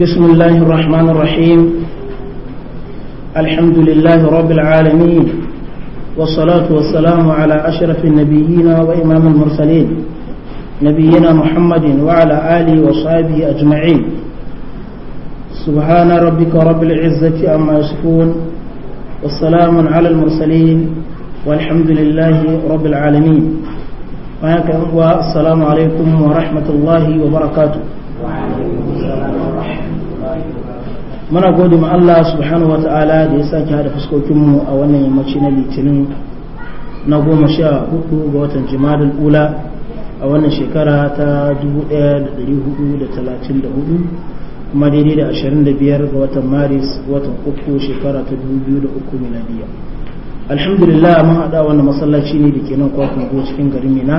بسم الله الرحمن الرحيم الحمد لله رب العالمين والصلاة والسلام على أشرف النبيين وإمام المرسلين نبينا محمد وعلى آله وصحبه أجمعين سبحان ربك رب العزة أما يصفون والسلام على المرسلين والحمد لله رب العالمين السلام عليكم ورحمة الله وبركاته muna gode ma Allah subhanahu wata'ala da ya sake hada fuskokinmu a wannan yammaci na litinin na goma sha hudu ga watan jimadul ula a wannan shekara ta 1434 kuma daidai da 25 ga watan maris watan uku shekara ta 2003 miladiya alhamdulillah mun haɗa wannan masallaci ne da ke nan kwakwun go cikin garin mina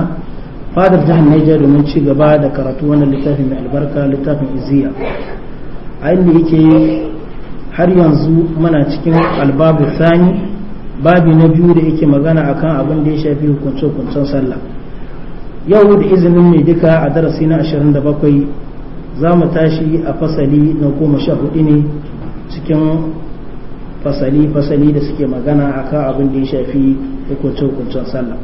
fadar jihar niger domin ci gaba da karatu wannan littafin mai albarka littafin iziya a inda yake har yanzu muna cikin albabu sani babi na biyu da yake magana akan abin da ya shafi hukunce-hukuncen sallah yau da izinin ne duka a darasi na 27 za mu tashi a fasali na goma sha hudu ne cikin fasali-fasali da suke magana akan abin da ya shafi hukunce-hukuncen sallah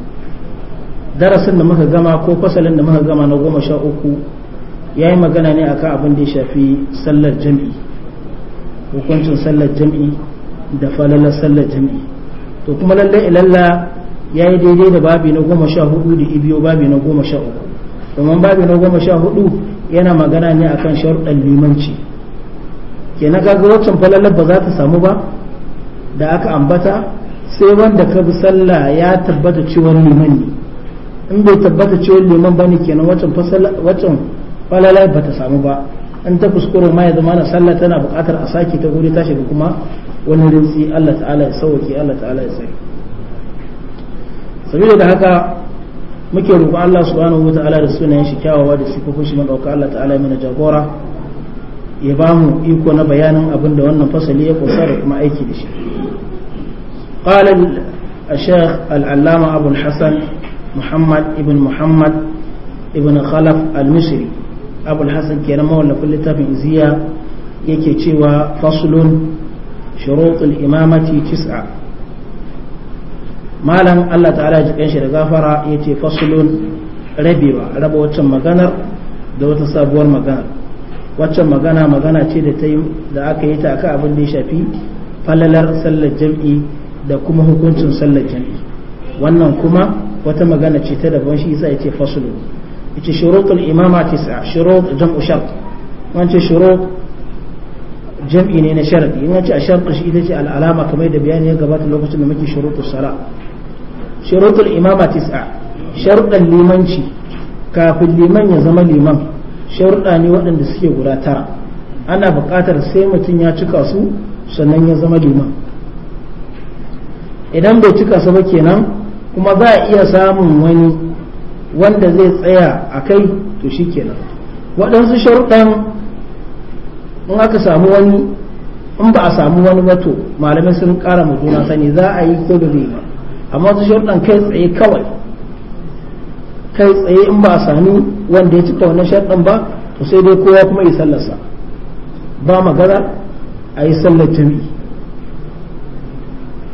darasin da muka gama ko fasalin da muka gama na goma sha uku ya yi magana ne akan abin da ya shafi sallar jami'i hukuncin sallar jami'i da falalar sallar jami'i to kuma lallai ilalla ya yi daidai da babi na goma sha hudu da ibiyo babi na goma sha uku domin babi na goma sha hudu yana magana ne akan sharuɗan limanci ke na kaga waccan falalar ba za ta samu ba da aka ambata sai wanda ka bi sallah ya tabbata cewar liman ne in bai tabbata cewar liman ba ne kenan wacan falala ba ta samu ba an ta kuskure ma ya zama na sallah tana buƙatar a sake ta guri ta shiga kuma wani rintsi Allah ta'ala ya sauke Allah ta'ala ya tsare saboda haka muke roƙo Allah subhanahu wa ta'ala da sunayen shi kyawawa da sifofin shi madauka Allah ta'ala ya mana jagora ya ba mu iko na bayanin abin da wannan fasali ya kusa da kuma aiki da shi قال الشيخ العلامة أبو الحسن محمد ابن محمد ابن خلف المصري abul hasan kenan mawallafin littafin ziya yake cewa faslun shurutul imamati tis'a malam Allah ta'ala ji shi da gafara yace faslun rabewa raba waccan maganar da wata sabuwar magana waccan magana magana ce da ta yi da aka yi ta aka abin da ya shafi falalar sallar jam'i da kuma hukuncin sallar jam'i wannan kuma wata magana ce ta daban shi yasa ce faslun yake shurutul imama tis'a shurut jam'u shart wance shurut jam'i ne na sharadi in wace a shartu shi ita ce al'alama kamar da bayani ya gabata lokacin da muke shurutul sara shurutul imama tis'a sharuɗan limanci kafin liman ya zama liman sharuɗa ne waɗanda suke guda tara ana buƙatar sai mutum ya cika su sannan ya zama liman idan bai cika su ba kenan kuma za a iya samun wani wanda zai tsaya a kai to shi kenan waɗansu sharuɗan in aka samu wani in ba a samu wani wato malamai sun ƙara ma juna sani za a yi ko da zai ba amma su sharuɗan kai tsaye kawai kai tsaye in ba a sami wanda ya cika wannan sharuɗan ba to sai dai kowa kuma ya sallarsa ba magana a yi sallar jami'i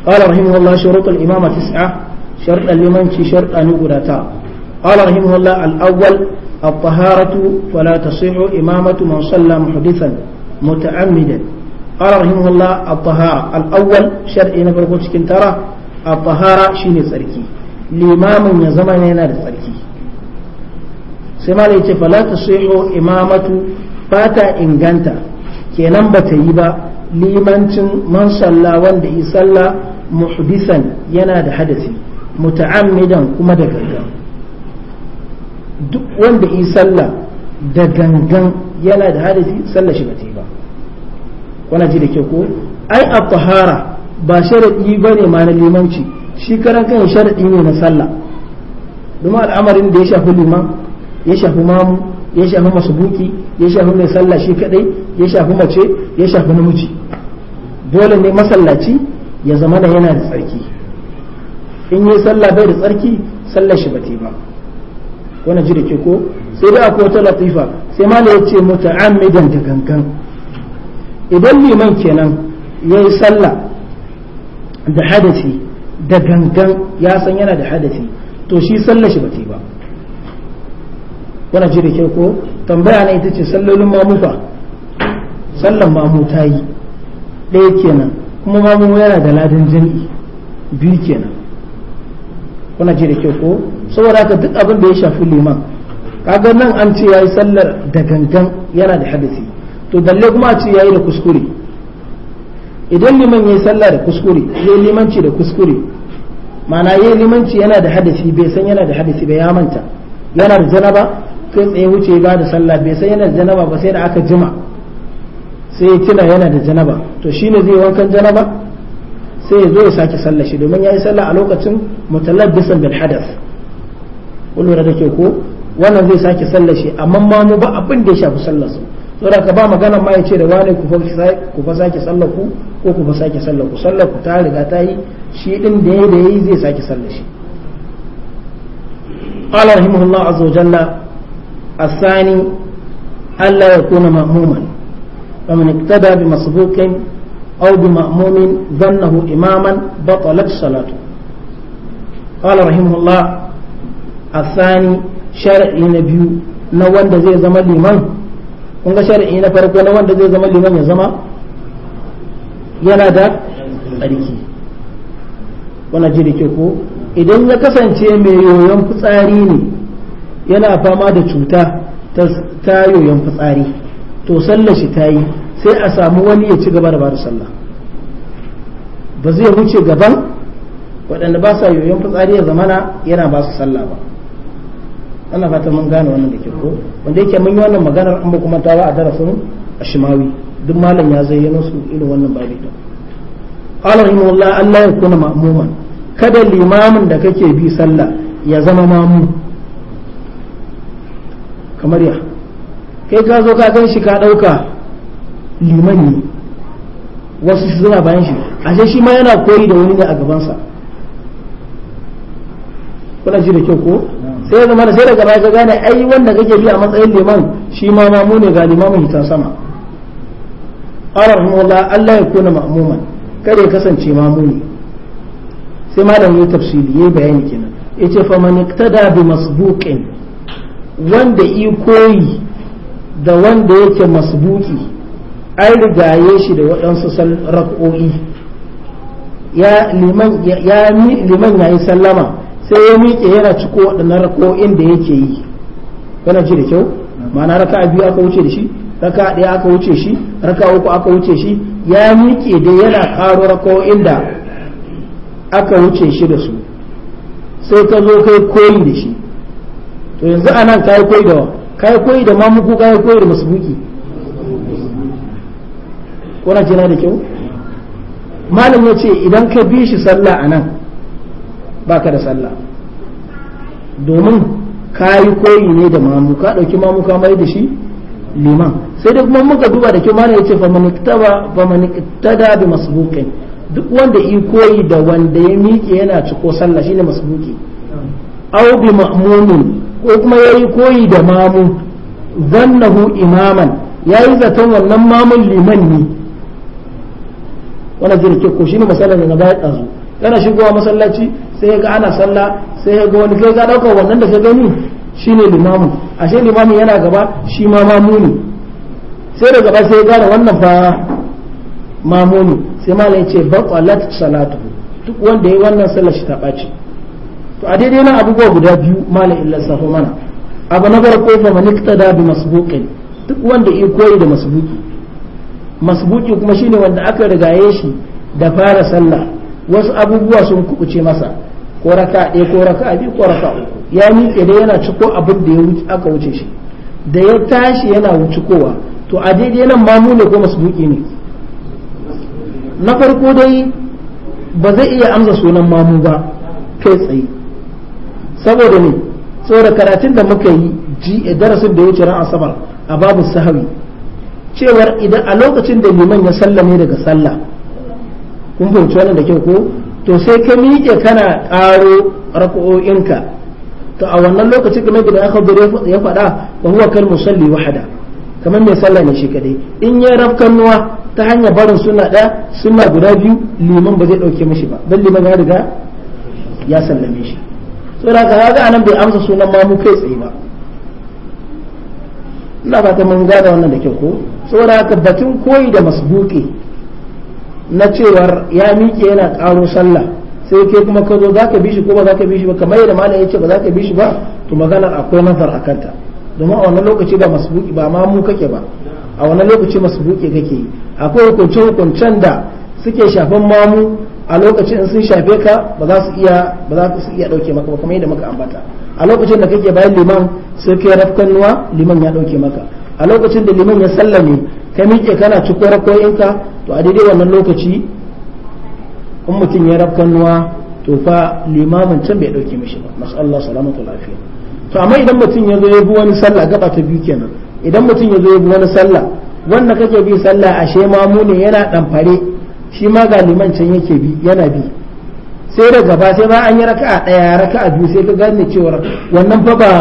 قال رحمه الله شروط الإمامة تسعة شرط الإمام شرط أن يقول قال رحمه الله الأول الطهارة فلا تصح إمامة من صلى محدثا متعمدا قال رحمه الله الطهارة الأول شرعي نفرقو تشكين ترى الطهارة شيني سركي لإمام يزمن ينال سركي سما ليتي فلا تصح إمامة فاتا إنغانتا كينام بتيبا limancin man salla wanda yi sallah muhdisan yana da hadasi muta'ammidan kuma da gangan duk wanda yi sallah da gangan yana da hadisi sallah shi ba yi ba wannan ji da ke ko ai a tahara ba sharadi ba ne ma na limanci shi karan kan sharadi ne na sallah domin al'amarin da ya shafi liman ya shafi mamu ya shafi masubuki ya shafi mai sallah shi kadai ya shafi mace ya shafi namiji dole ne masallaci ya zama da yana da tsarki in yi sallah bai da tsarki sallar shi ba ta ba wannan ji da ke ko sai dai akwai wata latifa sai ma ya ce amidan da gangan idan liman kenan yayi sallah da hadasi da gangan ya san yana da hadasi to shi sallah shi ba ba wannan ji ke ko tambaya na ita ce sallolin mamuta sallan mamu ta yi ɗaya kenan kuma mamu yana da ladan jami'i biyu kenan kuna ji da kyau ko saboda haka duk abin da ya shafi liman kaga nan an ce yayi sallar da gangan yana da hadisi to dalle kuma a ce yayi da kuskure idan liman yayi sallah da kuskure yayi limanci da kuskure ma'ana yayi limanci yana da hadisi bai san yana da hadisi bai ya manta yana da janaba kai tsaye wuce ba da sallah bai san yana da janaba ba sai da aka jima sai ya tuna yana da janaba to shine zai wankan janaba sai ya zo ya sake sallah shi domin ya yi sallah a lokacin mutalabbisan bil hadas kun lura da ke ko wannan zai sake sallah shi amma ma mu ba abin da ya shafi sallah su saboda ka ba magana ma ya ce da wani ku fa sake sallar ku ko ku fa sake sallar ku sallar ku ta riga ta yi shi din da ya yi zai sake sallah shi قال رحمه الله عز وجل الثاني ألا يكون مأموما فمن اقتدى بمسبوق أو بمأموم ظنه إماما بطلت صلاته قال رحمه الله الثاني شرع لنبي نوان دا زي زمان لمن كنغا شرع نفرق نوان دا زي زمان لمن يزما ينادى أريكي wana ji da ko idan ya kasance mai yoyon fitsari ne yana fama da cuta ta yoyon fitsari to sallar shi ta yi sai a samu wani ya ci gaba da bada sallah ba zai wuce gaban waɗanda ba sa yoyon fitsari ya zamana yana ba su sallah ba ana fata mun gane wannan da ke ko wanda yake mun yi wannan maganar an kuma ta ba a darasin ashimawi duk malam ya zayyano su irin wannan babi da qala rahimahullah allah la yakuna ma'muman kada limamin da kake bi sallah ya zama mamu kamar ya kai ka zo ka gan shi ka dauka liman ne wasu su suna bayan shi ashe shi ma yana koyi da wani ne a gabansa kuna ji da kyau ko sai ya zama da sai daga baya gane ai wanda kake bi a matsayin liman shi ma mamu ne ga limamin hita sama qala rahimahullah Allah ya kuna ma'muman kada ya kasance mamu ne sai malam ya tafsiri yayi bayani kenan yace fa man iktada bi masbuqin wanda i koyi da wanda yake masbuki an rigaye shi da waɗansu rak'o'i ya liman ya liman sallama sai ya miƙe yana ciko waɗannan rak'o'in da yake yi kana ji da kyau mana raka biyu aka wuce da shi raka ɗaya aka wuce shi raka uku aka wuce shi ya miƙe da yana ƙaro rak'o'in da aka wuce shi da su sai ka zo kai koyi da shi to yanzu anan kai koyi da kai koyi da mamuku kai koyi da masbuki kuna jina da kyau malam ya ce idan ka bi shi sallah a nan ba ka da sallah domin ka yi koyi ne da mamu ka ɗauki mamu ka mai da shi liman sai dai kuma muka duba da kyau malam ya ce fa maniktada bi masbuqin duk wanda yi koyi da wanda ya miƙe yana ciko sallah shine masbuki aw bi ma'mumin ko kuma yayi koyi da mamu zannahu imaman yayi zaton wannan mamun liman ne wannan zai ke ko shine masalar da na baya ɗazu kana shigowa masallaci sai ya ga ana sallah sai ya ga wani kai ga ɗaukar wannan da ka gani shine limamin ashe limamin yana gaba shi ma mamuni sai da gaba sai ya gane wannan fa mamuni sai malam ya ce baqalat salatu duk wanda yayi wannan sallar shi ta ɓaci to a daidai na abubuwa guda biyu malam illa sahu mana abu na farko fa manikta da bi masbuqin duk wanda ya koyi da masbuki masbuki kuma shine wanda aka rigaye shi da fara sallah wasu abubuwa sun kubuce masa ko raka ɗaya ko raka biyu ko raka uku ya miƙe da yana ciko abin da aka wuce shi da ya tashi yana wuce kowa to a daidai nan mamu ne ko masbuki ne na farko dai ba zai iya amsa sunan mamu ba kai tsaye saboda ne saboda karatun da muka yi darasin da ya wuce ran asabar a babu sahawi cewar idan a lokacin da liman ya sallame daga sallah kun fahimci wannan da kyau ko to sai ka miƙe kana ƙaro raka'o'inka to a wannan lokacin kamar da aka ya faɗa wa huwa kal musalli wahada kamar mai sallah ne shi kadai in ya rafkanuwa ta hanyar barin suna ɗaya suna guda biyu liman ba zai ɗauke mishi ba dan liman ya riga ya sallame shi saboda haka ga anan bai amsa sunan mamu kai tsaye ba ina ba ta mun gada wannan da kyau ko saboda haka batun koyi da masbuki na cewar ya miƙe yana ƙaro sallah sai ke kuma ka zo za ka bi shi ko ba za ka bi shi ba kamar yadda malam ya ce ba za ka bi shi ba to magana akwai nazar a kanta domin a wannan lokaci ba masbuki ba ma mu kake ba a wannan lokaci masbuki kake akwai hukunce hukuncen da suke shafan mamu a lokacin in sun shafe ka ba za su iya ba za su iya dauke maka ba kamar yadda muka ambata a lokacin da kake bayan liman sai kai nuwa liman ya dauke maka a lokacin da liman ya sallame ka miƙe kana ciko ka to a daidai wannan lokaci in mutum ya nuwa to fa limamin can bai dauke mishi ba masu Allah salamatu lafiya to amma idan mutum ya zo ya bi wani sallah gaba ta biyu kenan idan mutum ya zo ya bi wani sallah wanda kake bi sallah ashe ma mu ne yana damfare shi ma ga liman can yake bi yana bi sai da gaba sai ba an yi raka raka'a daya raka'a biyu sai ka gane cewa wannan fa ba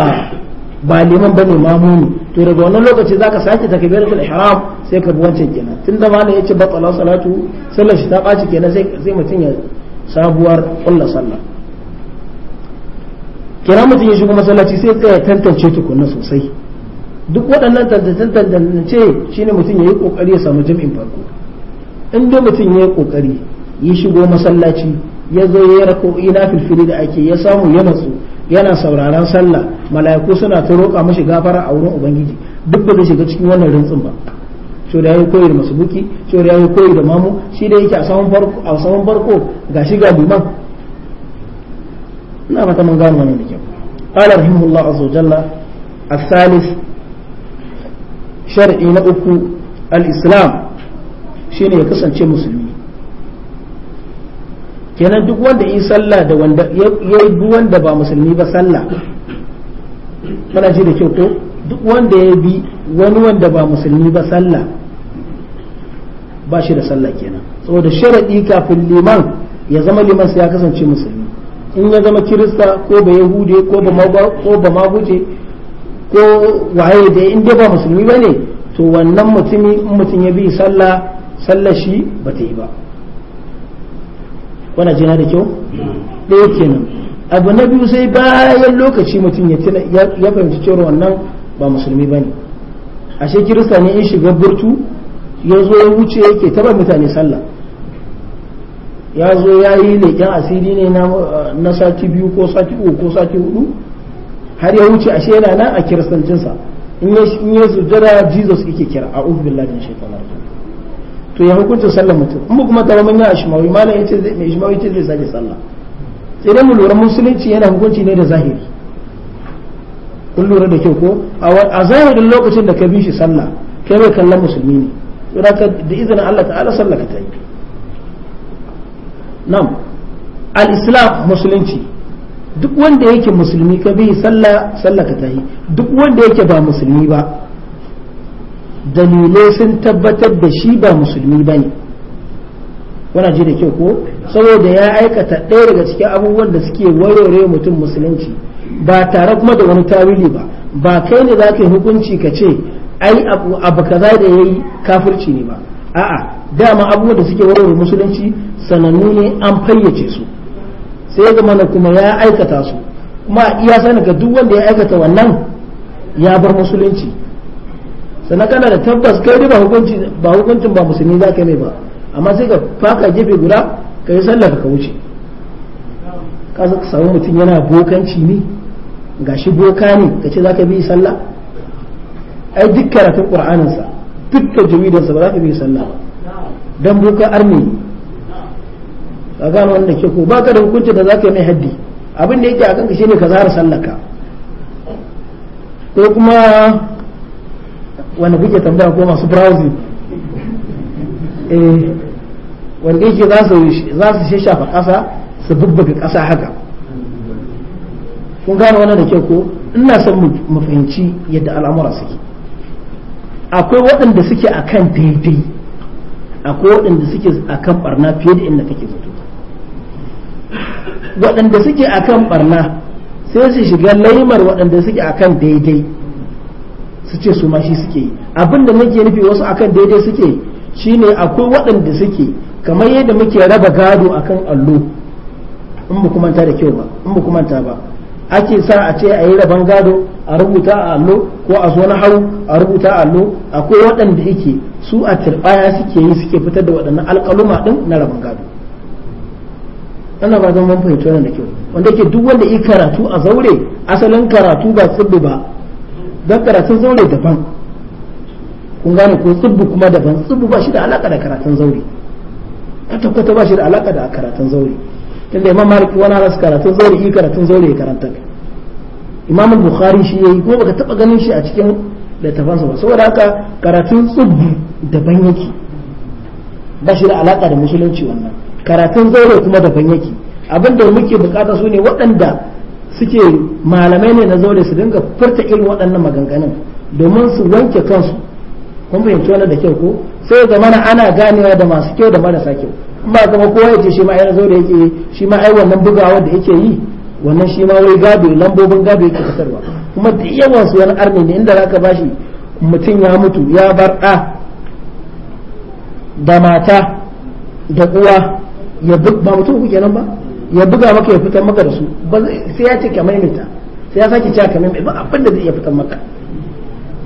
ba liman bane mamuni to daga wannan lokaci zaka sake takbiratul ihram sai ka bi wancan kenan tunda malam yace batala salatu sallar shi ta baci kenan sai sai mutun ya sabuwar kullu sallah kira mutum ya shigo masallaci sai ya tantance tukunna sosai duk waɗannan tantance ne mutum ya yi kokari ya samu jami'in farko in dai mutum ya yi kokari ya shigo masallaci ya zo ya rako ina filfili da ake ya samu ya natsu yana sauraron sallah mala'iku suna ta roƙa mashi gafara a wurin ubangiji duk ba zai shiga cikin wannan rintsin ba to da yayi koyi da masubuki to da yayi koyi da mamu shi da yake a saman farko a saman farko gashi ga liman ina fata mun gano wannan dake kyau qala rahimahullah azza jalla na uku al-islam. ne ya kasance musulmi kenan duk wanda yi sallah da wanda ya yi wanda ba musulmi ba sallah kana ji da kyau ko duk wanda ya bi wani wanda ba musulmi ba sallah ba shi da sallah kenan saboda sharadi kafin liman ya zama liman sai ya kasance musulmi in ya zama kirista ko ba yahude ko ba ko ba maguje ko waye da in dai ba musulmi bane to wannan mutumi in mutum ya bi sallah sallar shi ba ta yi ba wana jina da kyau ɗaya kenan abu na biyu sai bayan lokaci mutum ya fahimci cewa wannan ba musulmi ba ne ashe kirista ne in shiga burtu ya zo ya wuce yake taba mutane sallah ya zo ya yi leƙen asiri ne na sati biyu ko sati uku ko sati hudu har ya wuce ashe yana nan a kiristancinsa in ya sujjada jesus yake kira a ubi billahi shaitan to ya hukunta sallar mutum in kuma ta mun ya ishmawi malam yace mai ishmawi yace zai sake sallah sai dai mu lura musulunci yana hukunci ne da zahiri kun lura da kyau ko a zahirin lokacin da ka bi shi sallah kai bai kallon musulmi ne saboda da izinin Allah ta'ala sallah ka ta yi nam al-islam musulunci duk wanda yake musulmi ka bi sallah sallah ka ta yi duk wanda yake ba musulmi ba dalilai sun tabbatar da shi ba musulmi ba ne wana ji da kyau ko saboda ya aikata ɗaya daga cikin abubuwan da suke warware mutum musulunci ba tare kuma da wani tawili ba ba kai ne za ka yi hukunci ka ce ai abu kaza da ya yi kafirci ne ba a'a dama abubuwan da suke warware musulunci sanannu ne an fayyace su sai ya mana kuma ya aikata su kuma iya sani ga duk wanda ya aikata wannan ya bar musulunci sannan kana da tabbas kai ne hukunci ba hukuncin ba musulmi za ka mai ba amma sai ka faka gefe guda ka yi sallah ka wuce ka samu mutum yana bokanci ne shi boka ne ka ce za ka bi sallah ai duk karatun ƙur'aninsa duk sa ba za ka bi sallah ba dan boka arme ka gano wanda ke ko baka da hukuncin da za ka yi mai haddi abin da yake a kanka shine ka zara sallaka ko kuma wanda kuke tambaya ko masu browsing eh, wanda yake za su shafa ƙasa su bubbuga ƙasa haka kun gane wannan da kyau ko ina son mu fahimci yadda al'amura suke akwai waɗanda suke akan daidai akwai waɗanda suke akan ɓarna fiye da inda kake zato waɗanda suke akan ɓarna sai su shiga laimar waɗanda suke kan daidai su ce su ma shi suke yi abin da nake nufi wasu akan daidai suke shine akwai waɗanda suke kamar yadda muke raba gado akan allo in ba kumanta da kyau ba in ba kumanta ba ake sa a ce a yi raban gado a rubuta a allo ko a zo na hau a rubuta a allo akwai waɗanda yake su a turɓaya suke yi suke fitar da waɗannan alƙaluma ɗin na raban gado ana ba zan fahimci da kyau wanda yake duk wanda yi karatu a zaure asalin karatu ba tsibbi ba don karatun zaure daban kun gane ko tsibbu kuma daban tsibbu ba shi da alaka da karatun zaure kwata kwata ba shi da alaka da karatun zaure tunda imam maliki wani halas karatun zaure yi karatun zaure ya karanta imam bukhari shi yayi ko baka taba ganin shi a cikin littafansa ba saboda haka karatun tsibbu daban yake ba shi da alaka da musulunci wannan karatun zaure kuma daban yake abinda muke bukata su ne waɗanda suke malamai ne na zaure su dinga furta irin waɗannan maganganun domin su wanke kansu kun fahimci wannan da kyau ko sai ga mana ana ganewa da masu kyau da marasa kyau in ba zama kowa ce shi ma yana zaure yake shi ma ai wannan bugawa da yake yi wannan shi ma wai gado lambobin gado yake fitarwa kuma da yawan su wani arne ne inda zaka bashi mutum ya mutu ya bar da da mata da uwa ya ba mutum ku kenan ba ya buga maka ya fitar maka da su sai ya ce ka maimaita sai ya sake cewa ka maimaita ba abin da zai iya fitar maka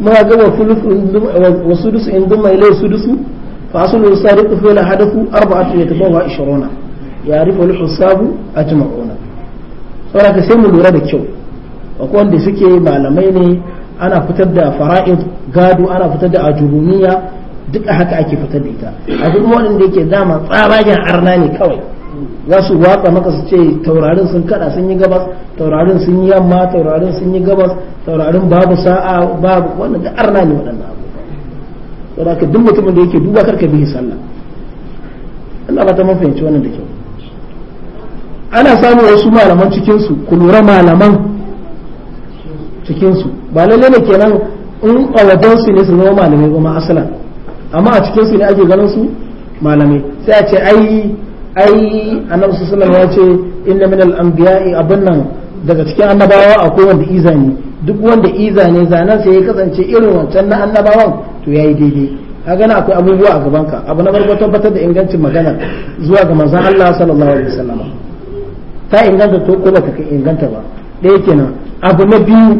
muka ga wa sudusu in dumma ilai sudusu fa asulu sariqu fi hadathu arba'atu yatabawa 20 ya rifa al-hisabu ajma'una saboda ka sai mu lura da kyau akwai wanda suke malamai ne ana fitar da fara'id gado ana fitar da ajurumiya duk haka ake fitar da ita a duk wanda yake dama tsabagen arna ne kawai za su watsa maka su ce taurarin sun kada sun yi gabas taurarin sun yi yamma taurarin sun yi gabas taurarin babu sa'a babu wannan da arna ne waɗannan abubuwa saboda ka duk mutumin da yake duba karka bihi sallah Allah ba ta mafiyanci wannan da kyau ana samu wasu malaman cikin su ku lura malaman cikin su ba lalle ne kenan in awadan su ne su zama malamai ba asalan amma a cikin su ne ake ganin su malamai sai a ce ai ai annabi sallallahu alaihi wasallam ya ce inna al anbiya'i abin nan daga cikin annabawa akwai wanda iza ne duk wanda iza ne zanen sai ya kasance irin wancan na annabawan to yayi daidai kaga na akwai abubuwa a gaban ka abu na farko tabbatar da ingancin magana zuwa ga manzon Allah sallallahu alaihi wasallam ta inganta to ko kai inganta ba ɗaya kenan abu na biyu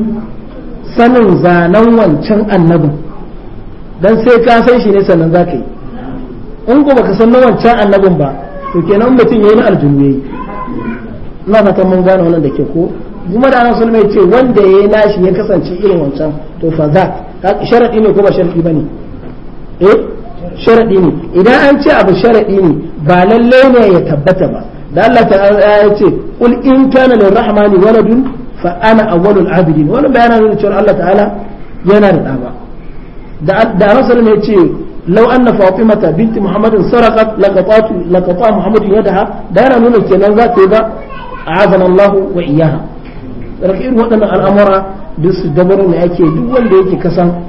sanin zanen wancan annabin dan sai ka san shi ne sannan za ka yi in ko baka san wancan annabin ba to kenan mutum yayi na aljunu yayi ina fatan mun gane wannan da ke ko kuma da Annabi sallallahu alaihi wasallam ce wanda yayi nashi ya kasance irin wancan to fa za sharadi ne ko ba sharadi bane eh sharadi ne idan an ce abu sharadi ne ba lalle ne ya tabbata ba da Allah ta'ala ya ce qul in kana lirrahmani waladun fa ana awwalul abidin wannan bayanan ne cewa Allah ta'ala yana da ba da Annabi sallallahu ce lau anna fatimata binti muhammadin sarakat laqatatu laqata muhammadin yadaha da yana nuna kenan za ta yi ba a'azana Allah wa iyyaha rafi'in waɗannan al'amura duk su dabarun da ake duk yake kasan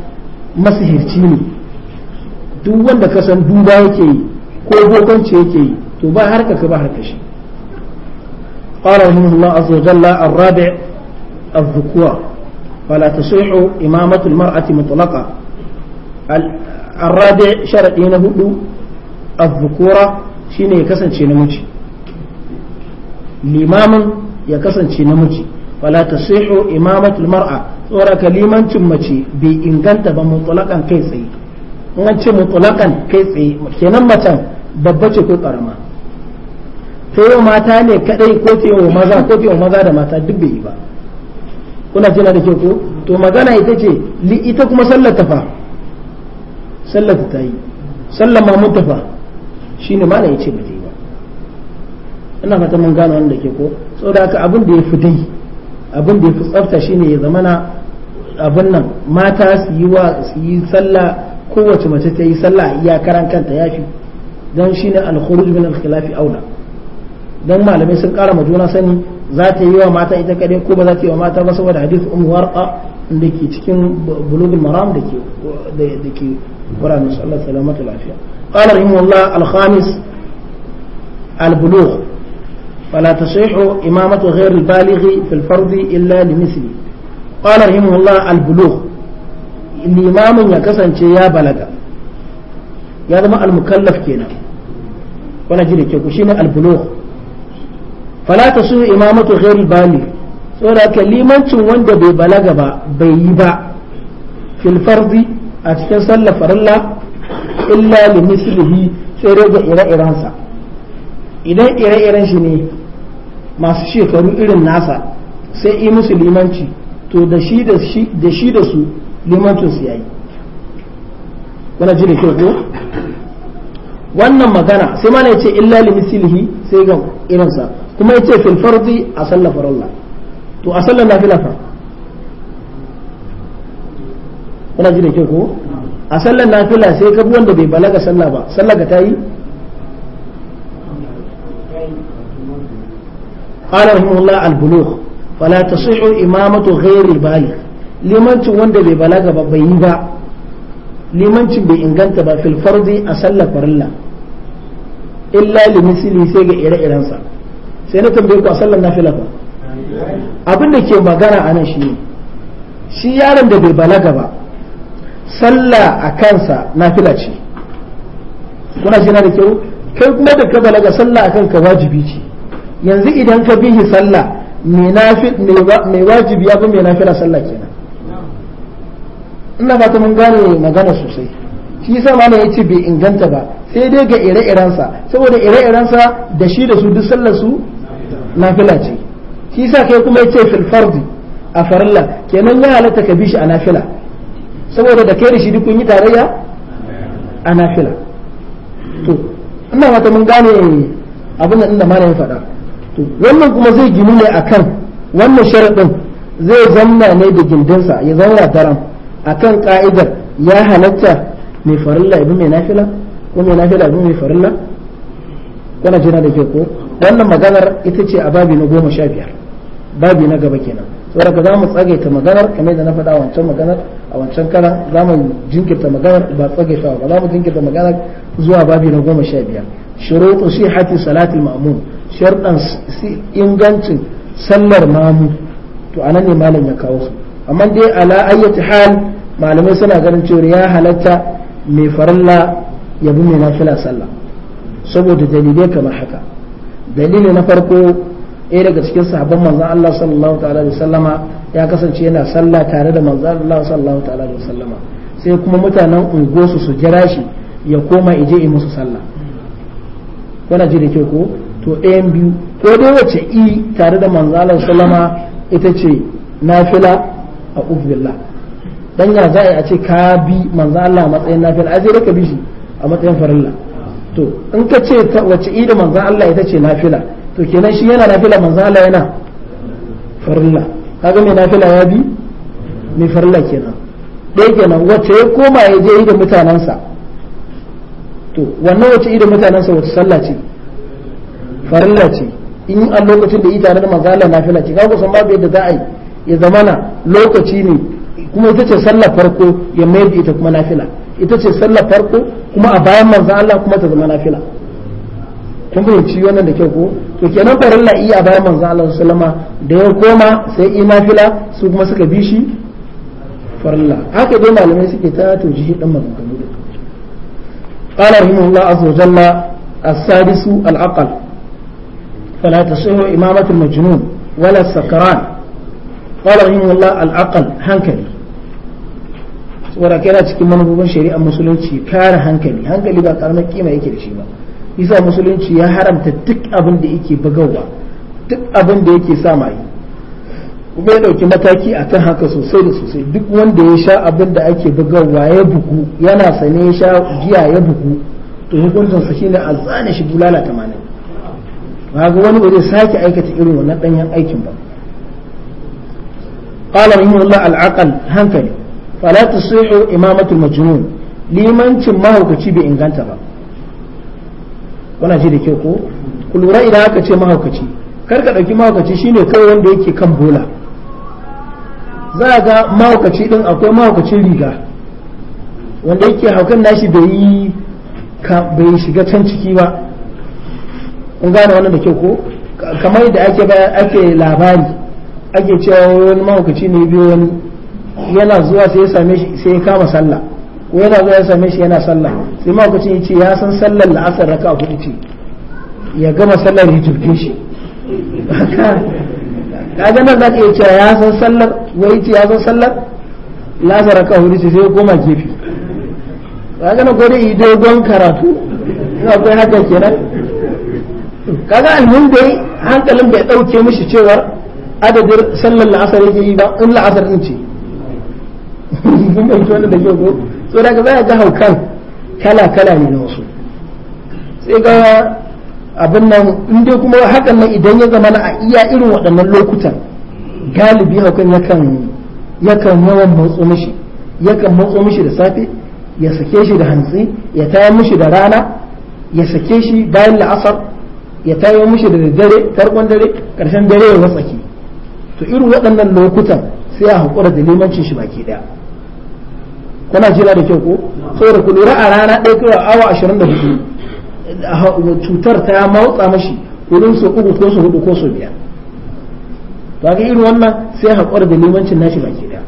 masihirci ne duwanda kasan duba yake yi ko bokanci yake yi to ba harka ka ba harka shi قال رحمه الله عز وجل الرابع الذكور فلا تصيح إمامة المرأة مطلقة الرابع شرط na الذكورة شين shine شي Limamin ya kasance na نمجي Wala تصيح Imamatu Mar'a tsora kalimancin mace bai inganta ba mutulakan kai tsaye in ce mutulakan kai tsaye kenan macen babba ce ko karama ta yau mata ne kadai ko ta yau maza ko ta maza da mata duk bai yi ba kuna jina da ke ko to magana ita ce ita kuma sallar ta fa sallar ta yi sallar mamun tafa shi ne ce ba ta yi ba ina fata mun gano wanda ke ko saboda haka abin da ya fi dai abin da ya fi tsafta shine ya na abin nan mata su yi wa su yi sallah kowace mace ta yi sallah iya karan kanta yafi don shine al-khuruj min al aula dan malamai sun kara ma juna sani za ta yi wa mata ita kadai ko ba za ta yi wa mata ba saboda hadith ummu warqa قال رحمه الله الخامس البلوغ فلا تصح إمامة غير البالغ في الفرض إلا لمثله قال رحمه الله البلوغ الإمام يكسن يا بلغ يا ما المكلف كينا ولا جري البلوغ فلا تصح إمامة غير البالغ saboda ka limancin wanda bai balaga ba bai yi ba fil a cikin sallar farilla illa li mislihi sai dai ire-irensa idan ire-iren shi ne masu shekaru irin nasa sai yi musu limanci to da shi da shi da su limancin su yayi wani ji da kyau ko wannan magana sai mana ya ce illa li mislihi sai ga irinsa kuma ya ce fil a sallar farilla to a sallar nafila fa kuna ji da kyau ko a sallar nafila sai ka bi wanda bai balaga sallah ba sallar ta yi قال رحمه الله البلوغ فلا تصح إمامة غير البالغ limancin wanda bai balaga ba bai yi ba limancin bai inganta ba fil a sallar farilla illa limisili sai ga ire-irensa sai na a abin da ke magana a nan shi ne, shi yaron da bai balaga ba sallah a kansa nafila ce kuna na da kyau kai kuma da ka balaga sallah a kanka wajibi ce yanzu idan ka bihi sallah mai wajibi ya fi mai nafila sallah kenan ina fata mun gane magana sosai shi yasa malam yace bai inganta ba sai dai ga ire-irensa saboda ire-irensa da shi da su duk sallar su nafila ce shi sa kai kuma ya fil fardi a farilla kenan ya halatta ka bi shi a nafila saboda da kai da shi duk yi tarayya a nafila to ina wata mun gane abin da inda ya faɗa to wannan kuma zai gini ne akan wannan sharaɗin zai zanna ne da gindinsa ya zanna daram akan ka'idar ya halatta mai farilla ibn mai nafila ko mai nafila mai farilla kuna jira da ke ko wannan maganar ita ce a babi na goma sha biyar babi na gaba kenan saboda za mu tsagaita maganar kamar da na faɗa wancan maganar a wancan karan za mu jinkirta maganar ba tsagaita ba za mu jinkirta maganar zuwa babi na goma sha biyar shuruɗu sihhati salatul ma'mum sharɗan ingancin sallar mamu to anan ne malam ya kawo su amma dai ala ayyati hal malamai suna ganin cewa ya halatta mai farilla ya bi mai nafila sallah saboda dalilai kamar haka dalili na farko ɗaya daga cikin sahabban manzan Allah sallallahu ta'ala da sallama ya kasance yana sallah tare da manzan Allah sallallahu ta'ala da sallama sai kuma mutanen unguwarsu su jira shi ya koma ije yi musu sallah kuna ji da ke ko to ɗayan biyu ko dai wace i tare da manzan Allah sallama ita ce nafila a ubillah dan ya za a ce ka bi manzan Allah a matsayin nafila a zai raka bi shi a matsayin farilla to in ka ce wace i da manzan Allah ita ce nafila to kenan shi yana nafila manzo Allah yana farilla kaga me nafila ya bi mai farilla kenan ɗaya kenan wacce ya koma ya je yi da mutanensa to wannan wacce yi da mutanensa wacce sallah ce farilla ce in a lokacin da yi da manzo Allah nafila ce kaga kusan babu yadda za a yi ya zamana lokaci ne kuma ita ce sallah farko ya mai da ita kuma nafila ita ce sallah farko kuma a bayan manzo Allah kuma ta zama nafila kun fahimci wannan da kyau ko to kenan farilla iya bayan manzo Allah sallama da ya koma sai ina fila su kuma suka bi shi farilla haka dai malamai suke ta toji tojihi dan maganganu da قال رحمه الله عز وجل السادس العقل فلا تصح إمامة المجنون ولا السكران قال رحمه الله العقل هنكلي saboda kai cikin manufofin shari'ar musulunci kare hankali hankali ba karamar kima yake da shi ba isa musulunci ya haramta duk abin da yake bugawa duk abin da yake sa mai kuma ya dauki mataki akan haka sosai da sosai duk wanda ya sha abin da ake bugawa ya bugu yana sane ya sha giya ya bugu to hukuncin sa shine a zane shi bulala tamanin ba ga wani ba zai sake aikata irin wannan danyen aikin ba inna رحمه الله hankali hankali فلا تصيح إمامة المجنون limancin mahaukaci bai inganta ba kuna ji da kyau ko ku lura idan aka ce mahaukaci kar ka ɗauki mahaukaci shine kai wanda yake kan bola za ga mahaukaci din akwai mahaukacin riga wanda yake haukan nashi bai yi bai shiga can ciki ba kun gane wannan da kyau ko kamar yadda ake ake labari ake cewa wani mahaukaci ne biyo wani yana zuwa sai ya same shi sai ya kama sallah ko yana zuwa ya same shi yana sallah sai ma ku ce ya san sallar la'asar raka hudu ce ya gama sallar ya turke shi kaga nan za ka iya cewa ya san sallar wai ce ya san sallar la'asar raka hudu ce sai ya koma gefe kaga nan ko dai dogon karatu ina akwai haka kenan kaga alhun dai hankalin bai dauke mishi cewar adadin sallar la'asar yake yi ba in la'asar din ce bai da kyau ko so daga za ga haukan kala kala ne na wasu sai ga abin nan in kuma hakan nan idan ya zama na a iya irin waɗannan lokutan galibi haukan yakan yakan yawan matso mishi yakan matso mishi da safe ya sake shi da hantsi ya tayar mishi da rana ya sake shi bayan la'asar ya tayo mishi da dare farkon dare karshen dare ya matsaki to irin waɗannan lokutan sai a haƙura da limancin shi baki ɗaya kuna jira da kyau ko saboda ku lura a rana ɗaya kawai awa ashirin da hudu cutar ta mautsa mashi wurin su uku ko su hudu ko su biyar to ga irin wannan sai haƙura da limancin nashi baki ɗaya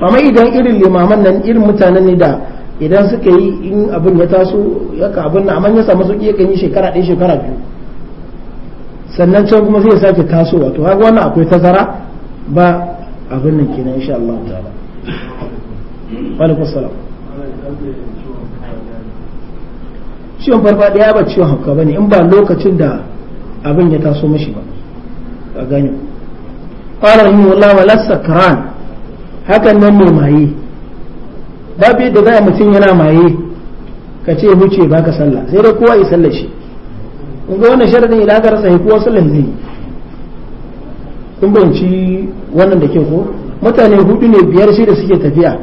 amma idan irin limaman nan irin mutanen ne da idan suka yi in abin ya taso ya ka abin na amma ya samu sauki yakan yi shekara ɗaya shekara biyu sannan can kuma zai sake tasowa to haka wannan akwai tazara ba abin nan kenan insha Allah ta'ala wa salam ciwon farfadiya ba ciwon hauka ne in ba lokacin da abin ya taso mashi ba a gani qala rahimahullah lassa sakran hakan nan ne maye babu yadda za mutum yana maye ka ce ba ka sallah sai dai kowa ya sallar shi in ga wannan sharadin idan aka rasa kowa sallar zai kun banci wannan da ke ko mutane hudu ne biyar shi da suke tafiya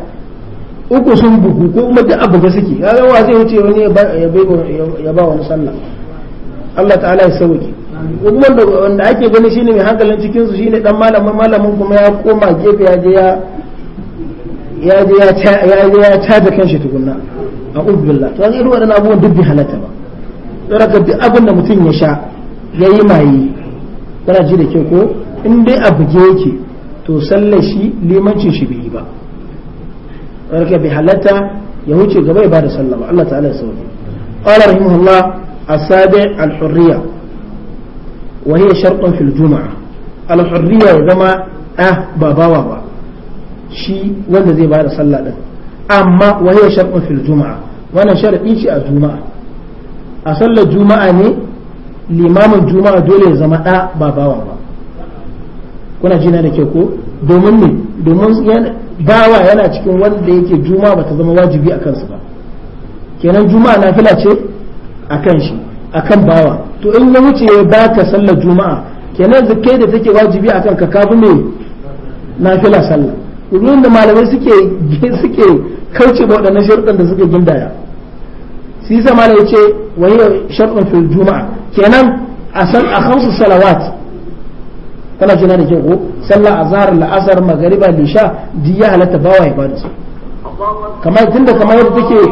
uku sun bugu ko kuma duk abu ga suke ya wa zai wuce wani ya ba wani sallah Allah ta'ala ya sauke kuma wanda ake gani shine mai hankalin cikin su shine dan malamin malamin kuma ya koma gefe ya je ya ya je ya ta ya ya ta da kanshi tukunna a to irin wadannan abubuwan duk bi halatta ba don haka duk abin da mutum ya sha yi maye kana ji da kyau ko in dai abu ge yake to sallar shi limancin shi bai yi ba ولكن بحالته يهوشي قبل بعد صلى الله تعالى يسوي قال رحمه الله السابع الحرية وهي شرط في الجمعة الحرية وجمع أه بابا بابا شي وانا زي بعد صلى أما وهي شرط في الجمعة وانا شرط إيش الجمعة أصلى الجمعة ني limamin juma'a dole ya zama ɗa ba bawa ba kuna jina da ke ko domin ne domin bawa yana cikin wanda yake juma'a bata zama wajibi a kansu ba kenan juma'a nafila ce akan shi akan bawa to in ya wuce ba ka sallar juma'a kenan kai da take wajibi akan ka kafu ne nafila sallah domin da malamai suke suke kauce ba waɗannan sharuɗan da suke gindaya sisa malamai ce wani sharɗin fil juma'a kenan a san a khamsu salawat kana jina da kyau ko sallah azhar la'asar magariba lisha duk ya halatta bawa ya bada su kamar tunda kamar yadda take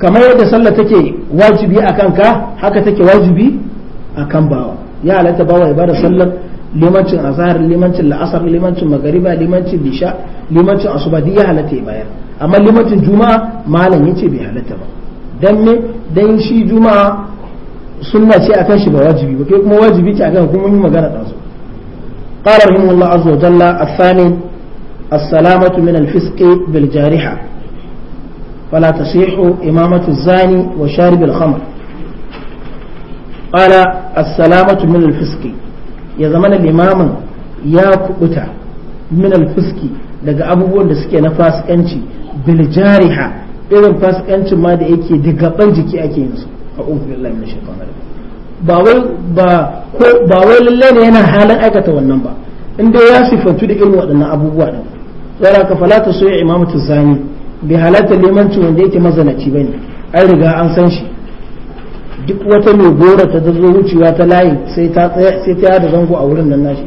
kamar yadda sallah take wajibi a kanka haka take wajibi a kan bawa ya halatta bawa ya bada sallar limancin azhar limancin la'asar limancin magariba limancin lisha limancin asuba duk ya halatta ya bayar amma limancin juma'a malam yace bai halatta ba dan me dan shi juma'a sunna ce akan shi ba wajibi ba kai kuma wajibi ce akan kuma yi magana da su qala rahimahullah azza wa jalla athani as-salamatu min al-fisqi bil jariha فلا تصيح إمامة الزاني وشارب الخمر قال السلامة من الفسق يا زمان الإمام يا من الفسق daga abubuwan da suke na fasikanci biljariha irin fasikancin ma da yake da gaban jiki ake yin su a'udhu billahi ba wai ba ne yana halin aikata wannan ba in dai ya sifantu da irin waɗannan abubuwa din tsara ka falata so ya imamatu zani bai halatta limanci wanda yake mazanaci ne an riga an san shi duk wata mai bora ta zo wucewa ta layi sai ta sai ta da zango a wurin nan nashi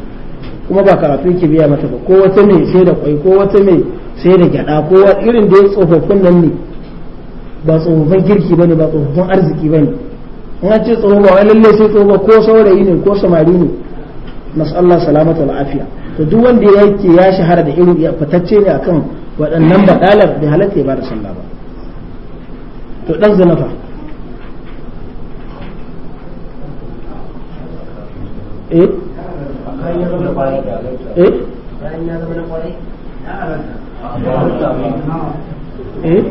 kuma ba karatu yake biya mata ba ko wata mai sai da kwai ko wata mai sai da gyada ko irin da ya tsofaffin nan ne ba tsofaffin kirki ne ba tsofaffin arziki ne in an ce tsoho ba wai lalle sai tsoho ko saurayi ne ko samari ne masallah salamata wal to duk wanda ya yake ya shahara da irin ya fatacce ne akan waɗannan badalar bai halatta ya bada sallah ba to ɗan zanafa eh eh eh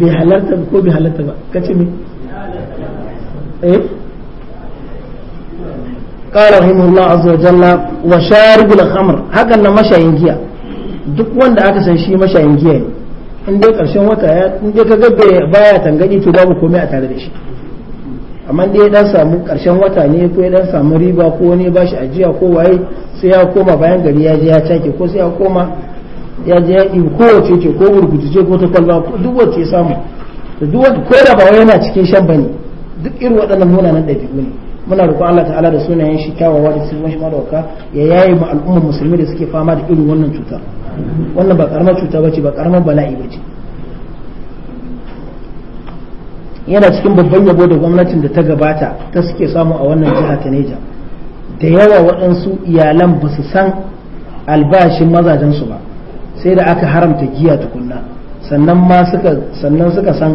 bai halarta ko bai halarta ba kace me eh قال رحمه الله عز وجل وشارب الخمر هكا نا mashayin giya duk wanda aka san shi mashayin giya ne in dai karshen wata ya in dai kaga baya tangadi to babu komai a tare da shi amma dai dan samu karshen wata ne ko dan samu riba ko ne bashi ajiya ko waye sai ya koma bayan gari ya je ya take ko sai ya koma ya je ya ɗibi kowace ce ko burkutu ko ta kwalba duk wacce ya samu da duk wacce ko da ba yana cikin shan bane duk irin waɗannan munanan ɗabi'u ne muna roƙon Allah ta'ala da sunayen shi kyawawa da sirrin shi madawaka ya yaye mu al'ummar musulmi da suke fama da irin wannan cutar wannan ba karamar cuta bace ba karamar bala'i bace yana cikin babban yabo da gwamnatin da ta gabata ta suke samu a wannan jiha ta Neja da yawa waɗansu iyalan ba su san albashin mazajensu ba sai da aka haramta giya tukunna sannan ma suka sannan suka san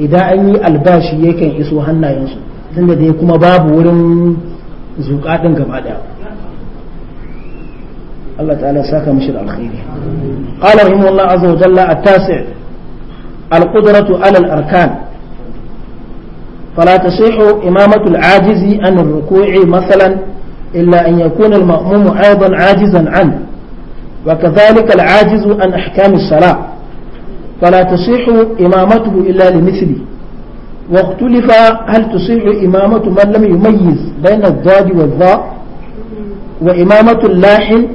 idan an yi albashi yakan iso hannayensu tunda dai kuma babu wurin zuƙaɗin gaba ɗaya الله تعالى ساك مشر الخير قال رحمه الله عز وجل التاسع القدرة على الأركان فلا تصح إمامة العاجز عن الركوع مثلا إلا أن يكون المأموم أيضا عاجزا عنه وكذلك العاجز عن أحكام الصلاة فلا تصيح إمامته إلا لمثله واختلف هل تصيح إمامة من لم يميز بين الضاد والظاء وإمامة اللاحن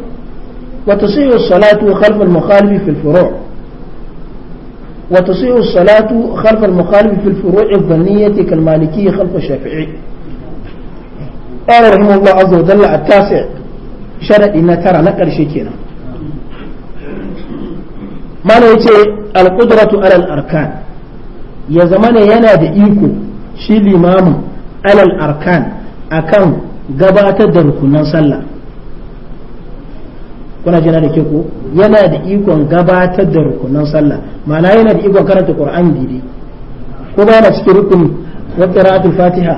وتصيح الصلاة خلف المخالف في الفروع وتصيح الصلاة خلف المخالف في الفروع الظنية كالمالكية خلف الشافعي قال رحمه الله عز وجل التاسع شرع إن ترى نقل شيكينا mana yace al-qudratu alal arkan ya zamana yana da iko shi limamu alal arkan akan gabatar da rukunan sallah kuna jina da ke ko yana da ikon gabatar da rukunan sallah ma'ana yana da ikon karanta qur'ani dide ko ba yana cikin rukuni wa qira'atul fatiha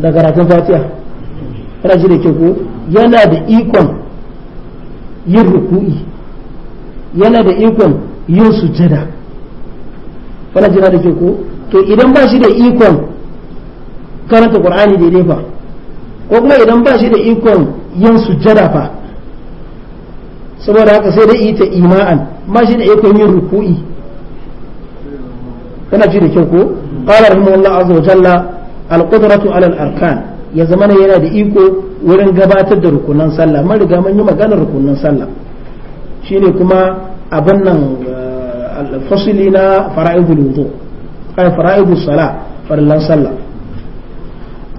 da karatun fatiha kuna ji da ke ko yana da ikon yin ruku'i yana da ikon yin sujjada kana jira da ke ko to idan ba shi da ikon karanta qur'ani daidai fa ko kuma idan ba shi da ikon yin sujjada fa saboda haka sai dai ita ima'an ba shi da ikon yin ruku'i kana ji da kyau ko qala rahimahullah azza wa jalla al ala al-arkan ya zamana yana da iko wurin gabatar da rukunan sallah man riga mun yi maganar rukunan sallah shine kuma abin nan eh, alfasili na fara'idul wudu kai fara'idul sala farlan sallah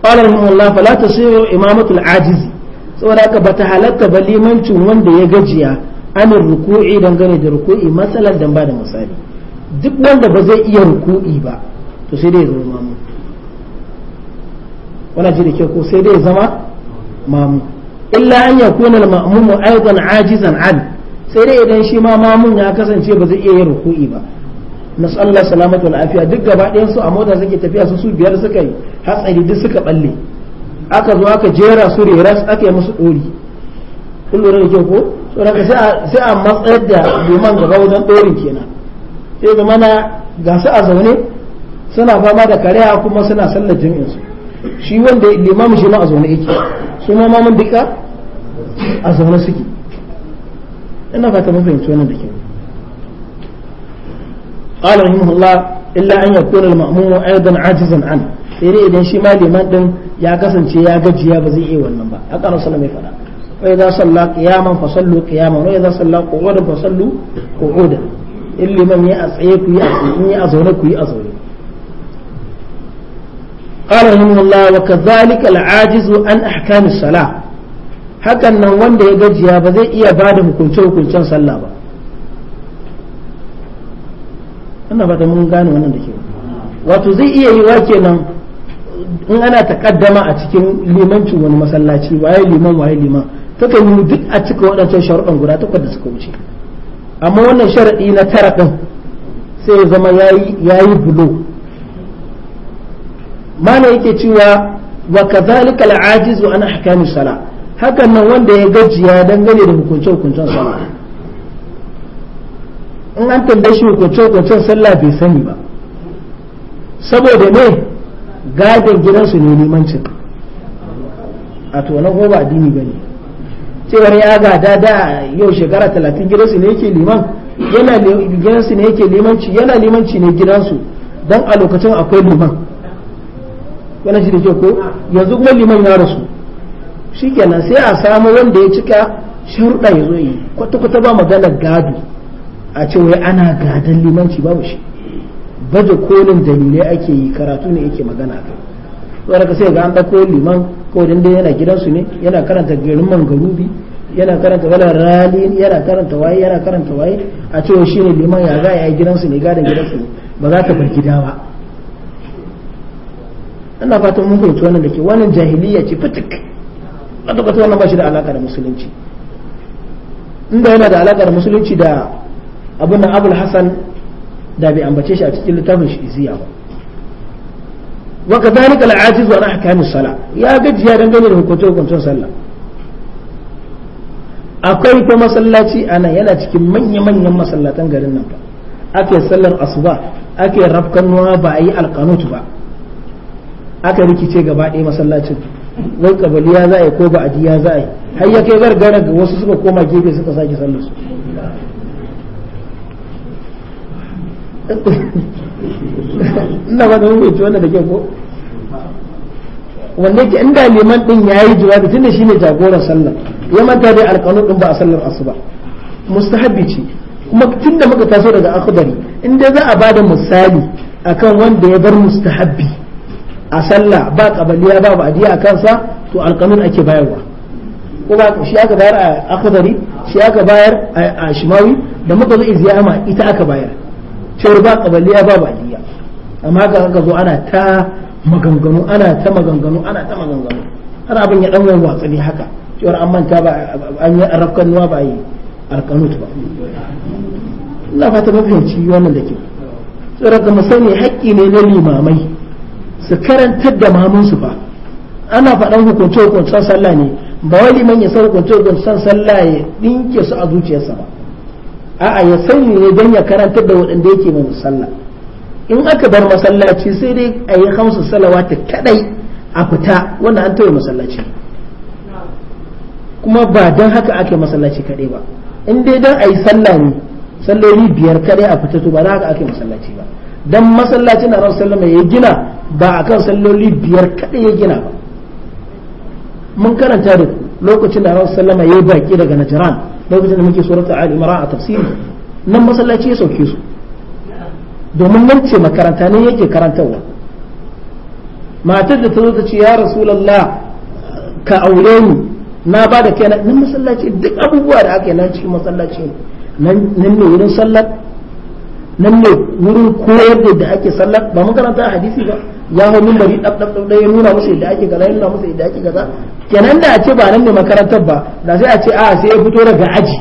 qala rahimahullah fala tasiru imamatul ajizi saboda haka bata halatta ba limancin wanda ya gajiya anin ruku'i dangane da ruku'i matsalar dan ba da misali duk wanda ba zai iya ruku'i ba to sai dai ya zama mamu wana ji da ko sai dai ya zama mamu illa an yakuna al-ma'mumu aidan ajizan an sai dai idan shi ma mamun ya kasance ba zai iya yin ruku'i ba na sallar salamatu lafiya duk gaba ɗayan su a mota suke tafiya su su biyar suka yi hatsari duk suka balle aka zo aka jera su reras aka yi musu ɗori kun lura da ke ko saboda sai a matsayar da liman gaba wajen ɗorin kenan sai zama na ga su a zaune suna fama da kariya kuma suna sallar jami'in su shi wanda limamu shi ma a zaune yake su ma mamun duka a zaune suke ina fata mun fahimci wannan da kyau qala rahimahullah illa an yakuna al-ma'mum aidan ajizan an sai dai idan shi ma liman din ya kasance ya gajiya ba zai iya wannan ba haka Rasulullah sallallahu alaihi wasallam وإذا صلى قياما فصلوا yi وإذا صلى قعودا فصلوا قعودا اللي من يأسعيك يأسعيك يأسعيك قال رحمه الله وكذلك العاجز عن أحكام الصلاة hakan nan wanda ya gajiya ba zai iya ba da hukunce-hukuncen sallah ba ina ta mun gane wannan da ke wato zai iya yi wake nan in ana takaddama a cikin limancin wani masallaci waye liman waye liman kan yi duk a cika waɗancan sharuɗan guda takwas da suka wuce amma wannan sharaɗi na tara ɗin sai ya zama ya yi bulo mana yake cewa wa kazalika al'ajizu ana ahkamis sala hakan nan wanda ya gajiya dangane da hukunce-hukuncen sallah in an tambaye shi hukunce-hukuncen sallah bai sani ba saboda ne gadin gidansu ne limancin a to na ba addini ba ne cewar ya gada da yau shekara talatin gidansu ne yake liman yana gidansu ne yake limanci yana limanci ne gidansu don a lokacin akwai liman wani shi da ke ko yanzu kuma liman ya rasu shikenan sai a samu wanda ya cika sharuɗa ya zo yi kwata-kwata ba magana gado a ce wai ana gadon limanci babu shi baje kolin dalilai ake yi karatu ne yake magana kai tsoron ka sai ga an ɗauko liman ko dan dai yana gidansu ne yana karanta garin mangarubi yana karanta wala rali yana karanta waye yana karanta waye a ce shi ne liman ya za ya yi gidansu ne gadon gidansu ne ba za ta bar gida ba ina fatan mun fahimci wannan da ke wannan jahiliya ce fitik a tabbatar wannan ba shi da alaka da musulunci inda yana da alaka da musulunci da abin nan abul hasan da bai ambace shi a cikin littafin shi iziya ba wa kadhalika al-ajiz wa ahkamus sala ya gajiya dangane da hukuncin hukuncen sallah akwai ta masallaci ana yana cikin manya-manyan masallatan garin nan ba ake sallar asuba ake rafkanuwa ba a yi alkanut ba aka rikice gaba ɗaya masallacin wani kabali ya za'a yi ko ba'adiya ya za'a yi har ya kai gargara ga wasu suka koma gefe suka sake sallar su ina ba da mun ci wannan da ke ko wanda ke inda neman din yayi da tunda ne jagoran sallar ya manta dai alƙanun din ba a sallar asuba mustahabi ce kuma tunda muka taso daga akhdari inda za a bada misali akan wanda ya bar mustahabbi a sallah ba kabaliya ba ba'diya a kansa to alqanun ake bayarwa ko ba shi aka bayar a akhdari shi aka bayar a shimawi da muka zo izyama ita aka bayar cewar ba kabaliya ba ba'diya amma ga aka zo ana ta maganganu ana ta maganganu ana ta maganganu har abin ya dan wawwatsa ne haka cewar an manta ba an yi nuwa ba yi alkanut ba Allah fata mafiyanci wannan da ke tsoron ga mu sani haƙƙi ne na limamai su karantar da mamansu ba ana faɗan hukunce hukuncen sallah ne ba wani liman ya san hukunce hukuncen sallah ya ɗinke su a zuciyarsa ba a'a ya sani ne don ya karantar da waɗanda yake mai sallah in aka bar masallaci sai dai a yi hamsu ta kaɗai a fita wanda an tawaye masallaci kuma ba don haka ake masallaci kaɗai ba in dai don a yi sallah ne salloli biyar kaɗai a fita to ba za haka ake masallaci ba don masallaci na rasu sallama ya gina ba a kan salloli biyar kadai ya gina ba mun karanta da lokacin da Annabi sallama yi baki daga Najran lokacin da muke suratul al-imran a tafsiri nan masallaci ya sauke su domin nan ce makaranta ne yake karantarwa matar da ta zo ta ce ya rasu rasulullah ka aure ni na ba da kai nan masallaci duk abubuwa da aka yi nan cikin masallaci nan ne wurin sallar nan ne wurin koyar da ake sallar ba makaranta hadisi ba ya hau mimbari ɗab ɗab ɗab ɗaya nuna musu yadda ake kaza nuna musu yadda ake kaza kenan da a ce ba nan ne makarantar ba da sai a ce a sai ya fito daga aji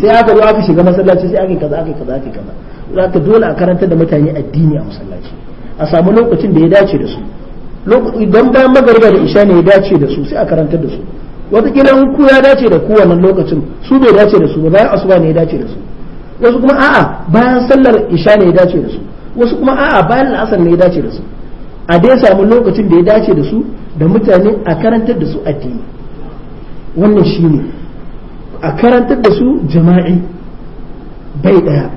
sai aka zo aka shiga masallaci sai aka kaza aka kaza aka kaza za ka dole a karantar da mutane addini a masallaci a samu lokacin da ya dace da su don bayan magariba da isha ne ya dace da su sai a karantar da su wataƙila in ku ya dace da ku wannan lokacin su bai dace da su ba bayan asuba ne ya dace da su wasu kuma a'a bayan sallar isha ne ya dace da su wasu kuma a'a bayan la'asar ne ya dace da su a dai samu lokacin da ya dace da su da mutane a karantar da su addini wannan shi ne a karantar da su jama'i bai daya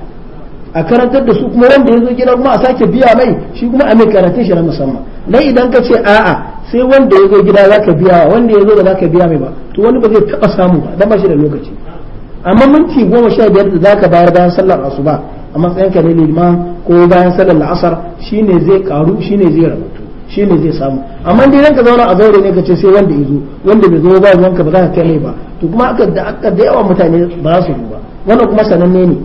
a karantar da su kuma wanda ya zo gida kuma a sake biya mai shi kuma a mai karatun shi na musamman dan idan ka ce a'a sai wanda ya zo gida zaka biya wanda ya zo da zaka biya mai ba to wani ba zai taba samu ba dan ba shi da lokaci amma minti goma sha biyar da zaka bayar bayan sallar asuba a matsayin ka ne liman ko bayan sallar la'asar shine zai karu shine zai rabatu shine zai samu amma dai ranka zauna a zaure ne ka ce sai wanda ya zo wanda bai zo ba ka ba za ka kai mai ba to kuma aka da aka da yawa mutane ba za su yi ba wannan kuma sananne ne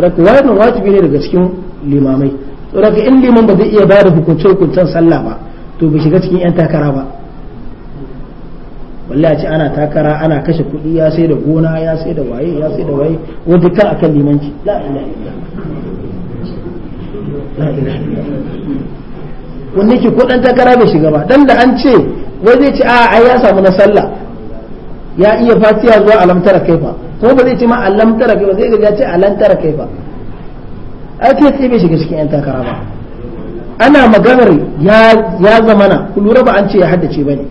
raka wannan wajibi ne daga cikin limamai raka in liman ba zai iya bada da hukuncin hukuncen sallah ba to bai shiga cikin yan takara ba walla ya ce ana takara ana kashe kuɗi ya sai da gona ya sai da waye ya sai da waye ko dukkan akan limanci la ilaha illallah wanda yake ko dan takara bai shiga ba dan da an ce wai zai ce a ya samu na sallah ya iya fatiya zuwa alamtara kaifa ko ba zai ce ma alamtara kaifa zai ga ya ce alantara kaifa a kai sai bai shiga cikin yan takara ba ana maganar ya zamana ku lura ba an ce ya haddace bane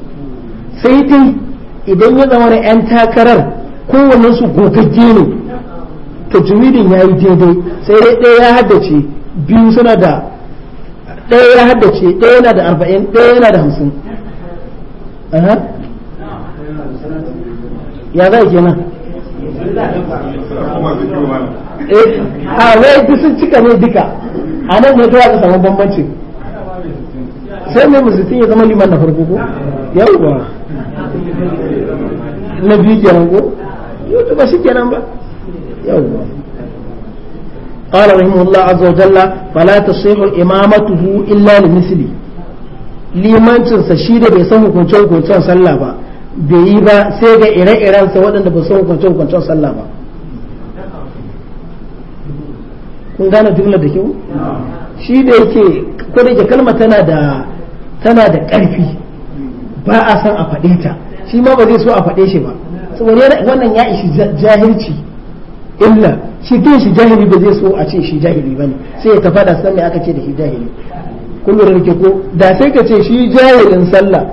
sai dai idan ya zama yan takarar kowanne su gogagge ne tajwidin ya yi daidai sai dai ɗaya ya haddace biyu suna da ɗaya ya haddace ɗaya yana da arba'in ɗaya yana da hamsin ya za kenan eh, a wai sun cika ne duka a nan ne ta samu bambancin sai mai musulun ya zama liman na farko ko ba na biyu kenan ko yau ba shi kenan ba yawwa قال رحمه الله عز وجل فلا تصح إمامته إلا لمثله limancinsa shi da bai san hukunce-hukuncen ba bai yi ba sai ga ire-irensa waɗanda ba san hukunce-hukuncen kun gane da kyau shi da yake tana da tana da ƙarfi ba a san a faɗe ta shi ma ba zai so a faɗe shi ba saboda wannan ya ishi jahilci illa shi kan shi jahili ba zai so a ce shi jahili ba ne sai ya ta faɗa me aka ce da shi jahili kun lura ke ko da sai ka ce shi jahilin sallah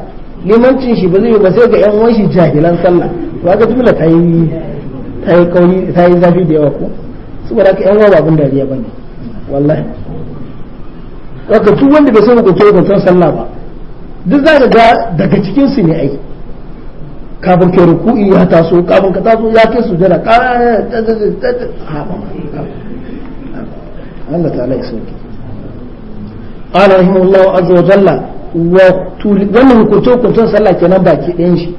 limancin shi ba zai yi ba sai ga yan uwan shi jahilan sallah to aka jumla ta yi ta yi kauri ta yi zafi da yawa ko saboda ka yan uwa ba abin dariya ba ne wallahi haka duk wanda bai san ke hukuncen sallah ba duk za ka ga daga cikin su ne ai kafin kai ruku'i ya taso kafin ka taso ya kai sujada kara Allah ta'ala ya sauke قال رحمه الله عز وجل wannan hukunce-hukuncen sallah kenan baki ɗayan shi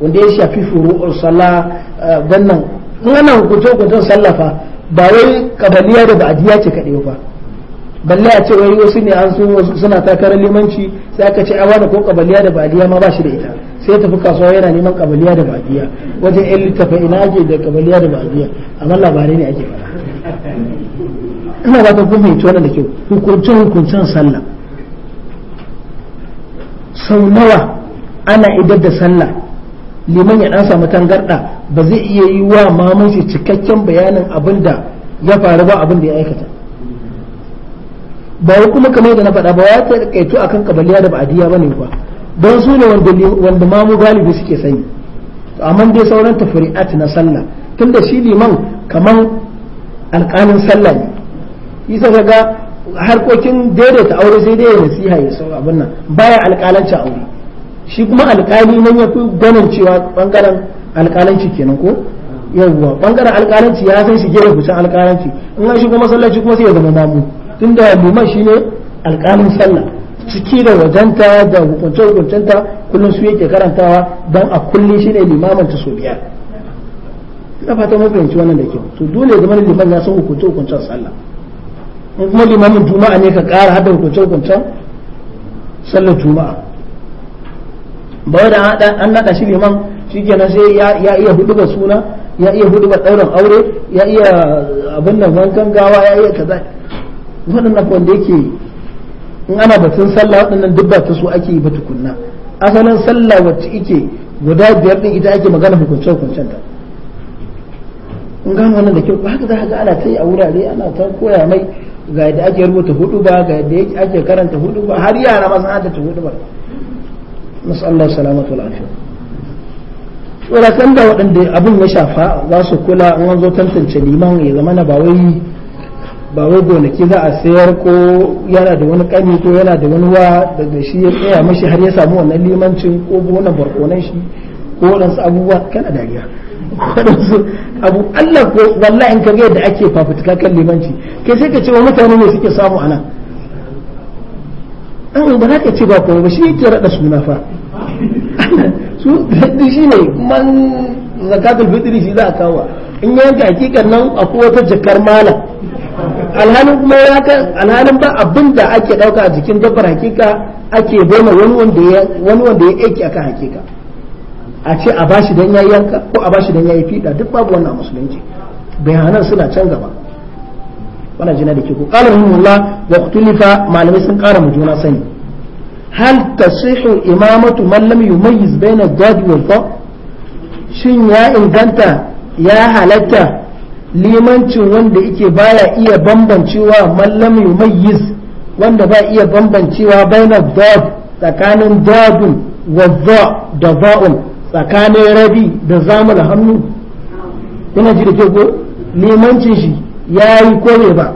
wanda ya shafi furu'ur sallah eh, wannan wannan hukunce-hukuncen sallah fa ba wai kabaliya da ba'adiyya ce kaɗai ba balle a ce wai wasu ne an so suna takarar limanci sai aka ce awa da ko kabaliya da badiya ma ba shi da ita sai tafi kasuwa yana neman kabaliya da badiya wajen yan littafa ina ake da kabaliya da badiya amma labarai ne ake fara ina ba ta kun fahimci wannan da kyau hukuncin hukuncin sallah sau nawa ana idar da sallah liman ya dan samu tangarda ba zai iya yi wa mamanci cikakken bayanin abin da ya faru ba abin da ya aikata ba wai kuma kamar da na faɗa ba ya ta kaitu akan kabaliya da ba'adiyya bane ba don su ne wanda wanda mamu galibi suke sani amma dai sauran tafri'at na sallah tunda shi liman kaman alƙalin sallah ne isa ga harkokin daidaita aure sai dai ya nasiha ya sauka abin nan baya alƙalancin aure shi kuma alƙali nan ya fi ganin cewa ɓangaren alƙalanci kenan ko yawwa ɓangaren alƙalanci ya san shi gefe kusan alƙalanci in an shigo masallaci kuma sai ya zama mamu tunda liman shine alƙalin sallah ciki da wajenta da hukunce-hukuncenta kullum su yake karantawa don a kullum shine limamin ta sobiya biyar ina fata mun fahimci wannan da kyau to dole zama liman ya san hukunce-hukuncen sallah in kuma limamin juma'a ne ka ƙara hada hukunce-hukuncen sallar juma'a ba wanda an naɗa shi liman shi kenan sai ya iya hudu ga suna ya iya hudu ga ɗaurin aure ya iya abin nan wankan gawa ya iya kaza waɗannan wanda yake in ana batun sallah waɗannan duk ba ta so ake yi ba tukunna asalin sallah wacce ike guda biyar din ita ake magana hukunce hukuncen ta in gano wannan da kyau ba haka za ga ana ta yi a wurare ana ta koya mai ga yadda ake rubuta hudu ba ga yadda ake karanta hudu ba har yara ma hada ta hudu ba Masu Allah salamatu wal afiya da waɗanda abin ya shafa za su kula an zo tantance liman ya zama na ba wai ba wai gonaki za a sayar ko yana da wani kani ko yana da wani wa daga shi ya tsaya mashi har ya samu wannan limancin ko wannan barkonan shi ko wadansu abubuwa kana dariya waɗansu abu Allah ko wallahi in ka ga yadda ake fafutuka kan limanci kai sai ka ce wa mutane ne suke samu anan an ba za ka ce ba kuma ba shi yake raɗa suna fa su shi ne man zakatul fitri shi za a kawo in yanka hakikan nan akwai wata jakar malam alhalin kuma ya kan alhalin ba abin da ake dauka a jikin dabbar hakika ake baima wani wanda ya wani wanda ya aiki akan hakika a ce a bashi dan yayi yanka ko a bashi dan yayi fida duk babu wannan musulunci bayanan suna can gaba wannan jina da ke ku qala rahimullah wa malamai sun kara mu juna sani hal tasihu imamatu man lam yumayyiz baina dad wal shin ya inganta ya halatta limancin wanda yake baya iya bambancewa mallam yumayyiz wanda ba iya bambancewa baina dad tsakanin dadun wa da za'un tsakanin rabi da zamul hannu kuna ji da ke ko limancin shi yayi kome ba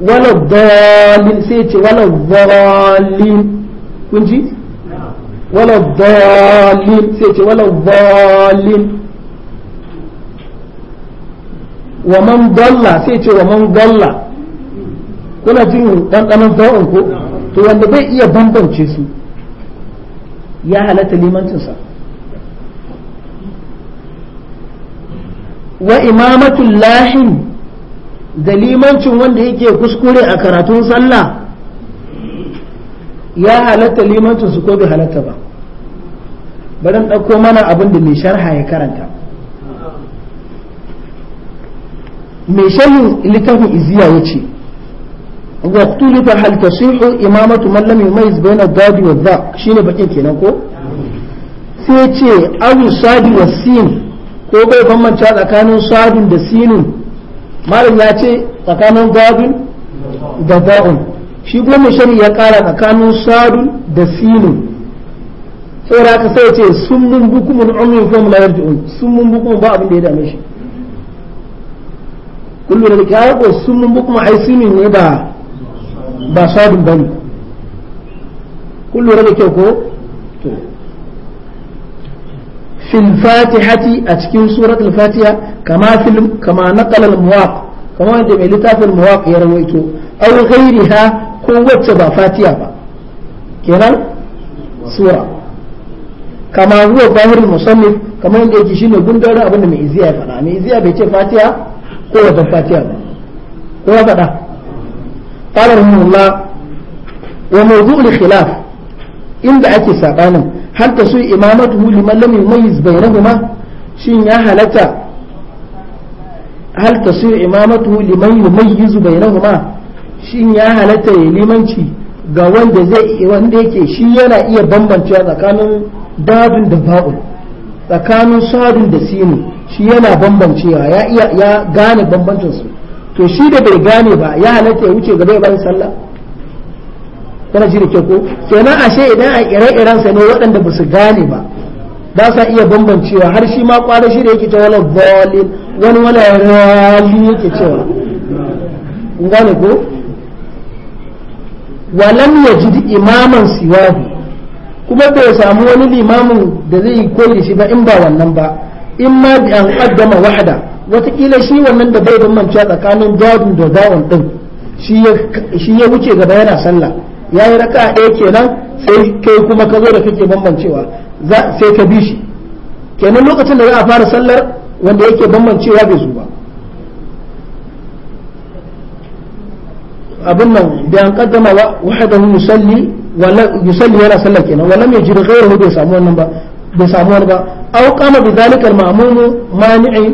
wala dalil sai ce wala dalil kun ji wala dalil sai ce wala dalil wa man dalla sai ce wa man dalla kuna jin ɗanɗanon da'un ko to wanda bai iya bambance su ya halatta limancinsa wa imamatul lahin da limancin wanda yake kuskure a karatun sallah ya halatta limancinsu ko bai halatta ba bari ɗauko mana abin da mai sharha ya karanta mai sharhin littafin iziya ya ce واختلف هل تصيح إمامة من لم يميز بين bakin kenan ko sai ya ce abu sadi wa sin ko bai bambanta tsakanin sadin da sinin malam ya ce tsakanin gadun da da'un shi goma shari ya kara tsakanin sadin da sinin saboda haka sai ce sun mun bukumun umin fam la yarji'un sun mun bukumun ba abin da ya dame shi kullu da kayan ko sunnun bu kuma ai sinin ne ba ba sadun bane kullu da kyau ko to fil fatihati a cikin surat al fatiha kama fil kama naqala al muwaq kama wanda mai littafin muwaq ya rawaito aw ghairiha ko wacce ba fatiha ba kenan sura kama huwa zahirul musannif kama yadda yake shine gundarin abin da mai iziya ya faɗa mai iziya bai ce fatiha ko wajen Fatiya ba ko faɗa qala rahimahullah wa mawdu'ul khilaf inda ake sabanin har ta su imamatu liman lam yumayyiz bainahuma shin ya halatta hal su imamatu liman yumayyiz bainahuma shin ya halatta ya limanci ga wanda zai wanda yake shi yana iya bambancewa tsakanin dadin da ba'ul tsakanin sadun da sinu shi yana bambancewa ya iya ya gane bambancin su to shi da bai gane ba ya halatta ya wuce gaba ya bayan sallah kana ji da ke ko kenan ashe idan a ire-iren sa ne waɗanda ba su gane ba ba sa iya bambancewa har shi ma kwara shi da yake ta wala bolin wani wala rali yake cewa ngane ko walam yajid imaman siwahu kuma bai samu wani limamin da zai yi koyi shi ba in ba wannan ba in ma bi an kaddama wahda watakila shi wannan da bai bambanci tsakanin jadu da dawon din shi ya wuce gaba yana sallah ya yi raka ɗaya kenan sai kai kuma ka zo da kake bambancewa sai ka bi shi kenan lokacin da za a fara sallar wanda yake bambancewa bai zo ba abin nan bi an kaddama wahadahu musalli wala yusalli yana sallah kenan wala mai jira ghairuhu bai samu wannan ba bai samu wani ba aw qama bi zalika al ma'mum mani'i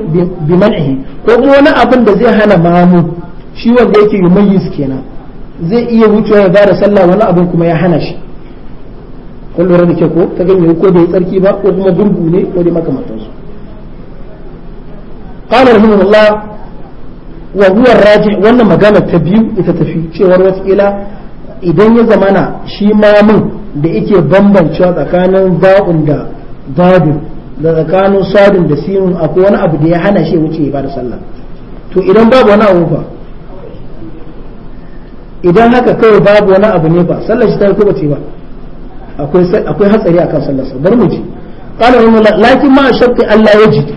bi man'ihi ko kuma wani abin da zai hana ma'mum shi wanda yake yumayyiz kenan zai iya wucewa ya fara sallah wani abin kuma ya hana shi kun lura da ke ko ta ganye ko bai tsarki ba ko kuma gurgu ne ko dai makamantansu qala rahimahullah wa huwa raji wannan magana ta biyu ita ta fi cewar ila idan ya zamana shi mamun da yake bambancewa tsakanin ba'un da dadun da tsakanin sadin da sinun akwai wani abu da ya hana shi wuce ya bada sallah to idan babu wani abu ba idan haka kawai babu wani abu ne ba sallar shi ta ko bace ba akwai hatsari akan sallarsa bari mu ji qala lakin ma shakka Allah yajid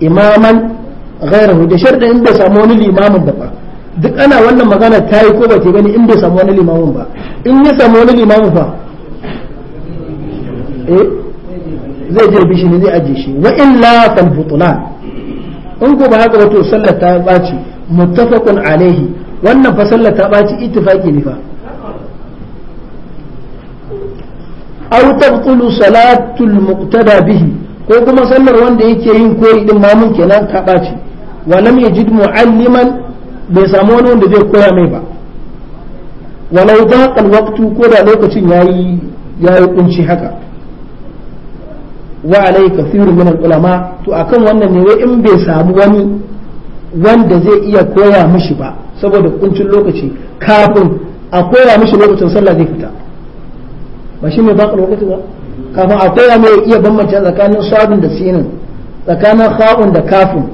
imaman ghayrahu da sharɗin in bai samu wani limamin ba duk ana wannan magana ta yi ko ba ta gani in bai samu wani limamin ba in ya samu wani limamin ba. zai je bishi ne zai ajiye shi wa illa fal butlan in ko ba haka wato sallar ta baci muttafaqun alaihi wannan fa sallar ta baci ittifaqi ne fa aw tabtulu salatul muqtada bihi ko kuma sallar wanda yake yin koyi din mun kenan ka ɓaci wa lam yajid mu'alliman bai samu wani wanda zai koya mai ba walau da alwaktu ko da lokacin yayi yayi kunci haka wa alai kathiru min ulama to akan wannan ne wai in bai samu wani wanda zai iya koya mishi ba saboda kuncin lokaci kafin a koya mishi lokacin sallah zai fita ba shi mai baƙar lokaci ba kafin a koya mai iya bambance tsakanin sabin da sinin tsakanin kha'un da kafin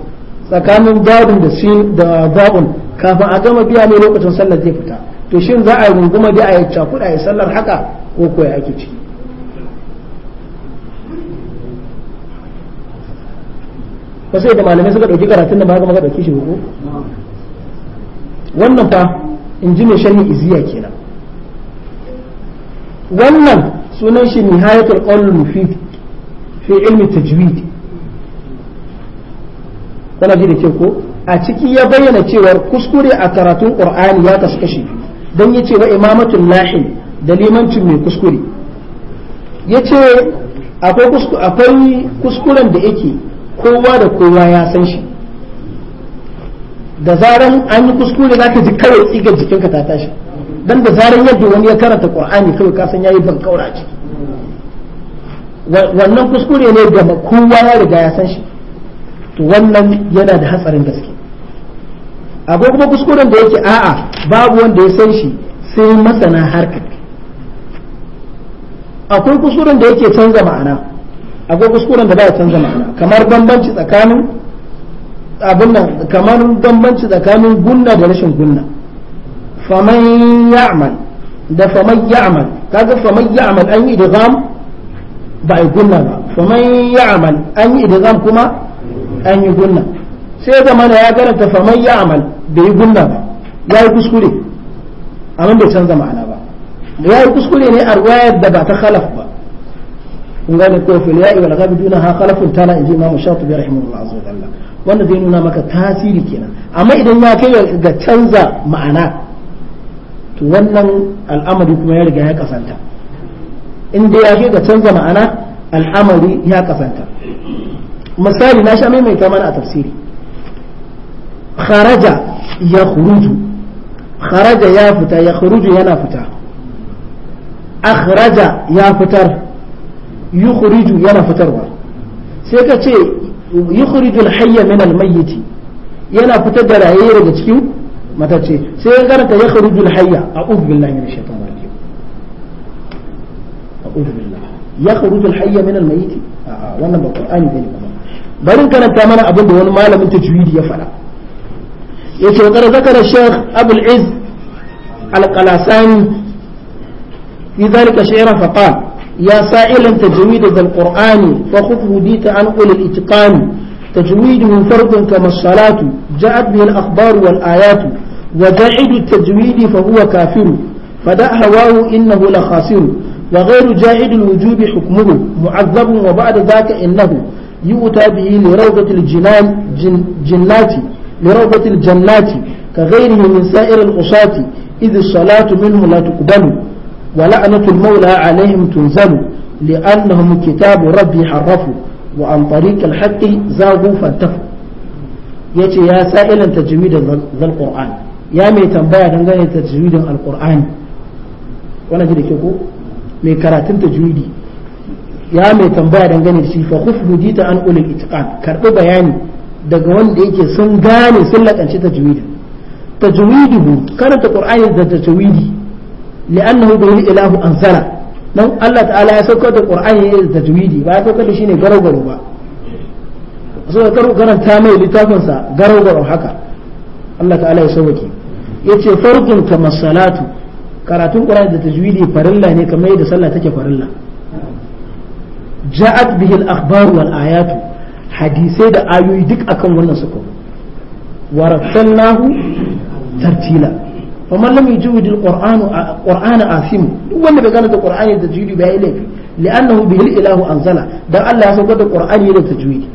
tsakanin dadun da sin da ba'un kafin a gama biya ne lokacin sallar zai fita to shin za a yi runguma da a yi cakuɗa a yi sallar haka ko koya ake ciki ba sai da malamai suka ɗauki karatun da ba haka ka ɗauki shi ko wannan fa in ji mai shani iziya kenan wannan sunan shi nihayatul qawl mufid fi ilmi tajwid kana ji da ke ko a ciki ya bayyana cewar kuskure a karatun qur'ani ya kasu kashi dan yace wa imamatul lahin da limancin mai kuskure yace akwai akwai kuskuren da yake kowa da kowa ya san shi da zaran an yi kuskure zaka ji kawai tsigar jikinka ta tashi dan da zarar yadda wani ya karanta qur'ani kawai ka san yayi ban kaura ce wannan kuskure ne ga kowa ya riga ya san shi to wannan yana da hatsarin gaske akwai kuma kuskuren da yake a'a babu wanda ya san shi sai masana harka akwai kuskuren da yake canza ma'ana akwai kuskuren da baya canza ma'ana kamar bambanci tsakanin abin nan kamar bambanci tsakanin gunna da rashin gunna faman ya'mal da faman ya'mal kaga faman ya'mal an yi idgham ba ai gunna ba faman ya'mal an yi idgham kuma an yi gunna sai da mana ya karanta faman ya'mal bai yi gunna ba ya yi kuskure amma bai canza ma'ana ba ya yi kuskure ne a ruwayar da ba ta khalaf ba kun gane ko fil ya'i wal ghabi duna ha khalafun tala inji shatibi rahimahullah azza wa jalla wannan zai nuna maka tasiri kenan amma idan ya kai ga canza ma'ana to wannan al'amari kuma ya riga ya kasanta in dai ya ke ga canza ma'ana al'amari ya kasanta misali na sha maimaita mana a tafsiri kharaja ya khuruju kharaja ya fita ya khuruju yana fita akhraja ya fitar yukhriju yana fitarwa sai ka ce yukhriju hayya min al-mayyit yana fitar da raye daga cikin mata ce sai ya karanta ya kharuju hayya a'udhu billahi minash shaitanir rajim a'udhu billahi ya kharuju hayya min al-mayyit a'a wannan ba qur'ani bane ba bari karanta mana abin da wani malamin tajwidi ya faɗa yace wa zakara shaykh abul iz al-qalasani في ذلك شعرا فقال يا سائلا تجويد ذا القرآن فخذه ديت عن أولي الإتقان تجويده فرد كما الصلاة جاءت به الأخبار والآيات وجاحد التجويد فهو كافر فدع هواه إنه لخاسر وغير جاحد الوجوب حكمه معذب وبعد ذاك إنه يؤتى به لروضة الجنان جن جنات لروضة الجنات كغيره من سائر العصاة إذ الصلاة منه لا تقبل ولعنة المولى عليهم تنزل لأنهم كتاب ربي حرفوا وعن طريق الحق زاغوا فانتفوا يأتي يا سائلا تجميد ذا القرآن ya mai tambaya dangane da tajwidin alqur'ani wannan ji da ke ko mai karatun tajwidi ya mai tambaya dangane da shi fa khufdu dita an ulul itqan karbi bayani daga wanda yake sun gane sun lakanci tajwidin tajwiduhu karanta qur'ani da tajwidi li'annahu bihi ilahu ansala dan Allah ta'ala ya saukar da qur'ani da tajwidi ba ya saukar da shine garau garau ba so karanta mai littafin sa garau garo haka Allah ta'ala ya sauke yace farkin kama salatu karatun qur'ani da tajwidi farilla ne kamar yadda sallah take farilla ja'at bihi al-akhbar wal ayatu hadisai da ayoyi duk akan wannan suka warattalnahu tartila faman lam yujid al-qur'anu qur'ana asim duk wanda bai gane da qur'ani da tajwidi bai laifi li'annahu bihi al-ilahu anzala dan Allah ya saukar da qur'ani da tajwidi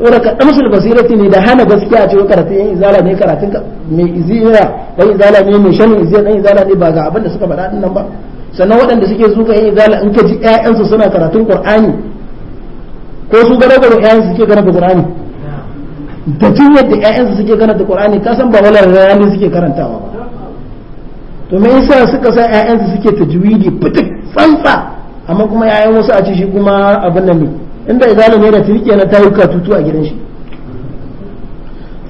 saboda ka damsul basirati ne da hana gaskiya ce karatu yan izala ne karatun mai izira dan izala ne mai shanin izira dan izala ne ba ga abin da suka faɗa din nan ba sannan waɗanda suke zuka yan izala in ka ji ƴaƴansu suna karatun qur'ani ko su gare gare ƴaƴansu suke karanta qur'ani da tun yadda ƴaƴansu suke karanta qur'ani ka san ba wala rayani suke karantawa ba to me yasa suka sa ƴaƴansu suke tajwidi fitik tsantsa amma kuma ƴaƴan wasu a ci shi kuma abin nan ne inda izala ne da tirke na tayi tutu a gidan shi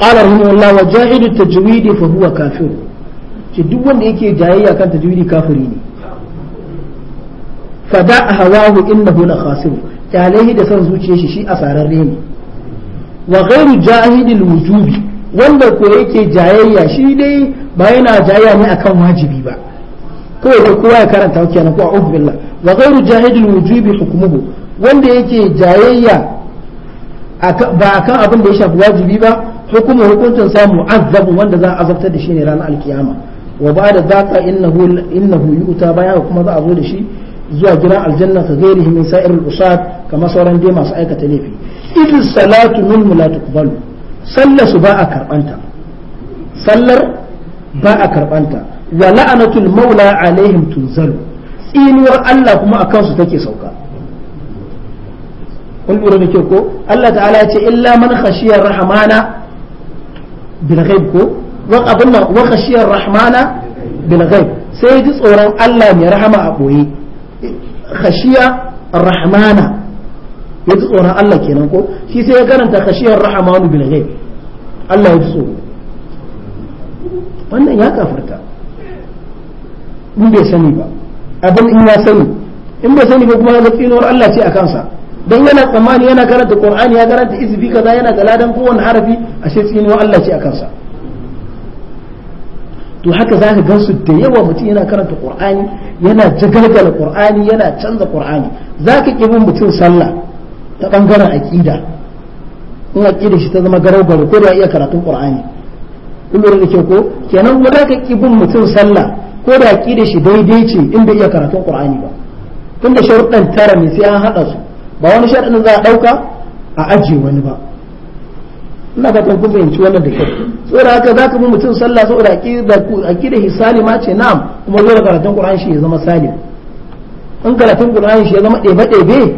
qala rahimahullah wa jahidu tajwid fa huwa kafir ce duk wanda yake jayayya kan tajwidi kafiri ne fada hawahu innahu la khasir kyalehi da son zuciyar shi shi asararre ne wa ghairu jahidil wujubi wanda ko yake jayayya shi dai ba yana jayayya ne akan wajibi ba kawai kowa ya karanta kenan ko a'udhu billah wa ghairu jahidil wujubi hukmuhu wanda yake jayayya ba a kan abin da ya shafi wajibi ba hukumar hukuncin samu mu'azzabun wanda za a azabtar da shi ne ranar alkiyama wa ba da zaka innahu innahu yuta baya kuma za a zo da shi zuwa gidan aljanna ka gairi min sa'ir al-usat kamar sauran dai masu aikata laifi idh salatu min la tuqbalu sallar su ba a karbanta sallar ba a karbanta wa la'anatul maula alaihim tunzalu tsinuwar Allah kuma akan su take sauka kun lura da kyau ko Allah ta'ala ya ce illa man khashiyar rahmana bil ghaib ko wa abin nan wa khashiyar rahmana bil ghaib sai ji tsoron Allah mai rahama a boye khashiya rahmana ya ji tsoron Allah kenan ko shi sai ya karanta khashiyar rahmanu bil ghaib Allah ya ji tsoro wannan ya kafarta. in bai sani ba abin in ya sani in bai sani ba kuma ga tsinuwar Allah ce a kansa don yana tsammani yana karanta qur'ani ya karanta isbi kaza yana da ladan kowanne harafi tsini cikin Allah ce akan sa to haka zaka ka su da yawa mutum yana karanta qur'ani yana jagalgala qur'ani yana canza qur'ani zaka ka ƙi bin mutum sallah ta ɓangaren aqida in aqida shi ta zama garau ko da iya karatun qur'ani kullum da ke ko kenan ko zaka ka bin mutum sallah ko da aqida shi daidai ce in bai iya karatun qur'ani ba tunda sharuɗan tara ne sai an haɗa su ba wani sharaɗin za a ɗauka a ajiye wani ba ina fatan kun fahimci wannan da kyau saboda haka zaka bi mutum sallah saboda aqida aqida hisali ma ce na'am kuma zo da karatun qur'an shi ya zama salim in karatun qur'an shi ya zama ɗebe ɗebe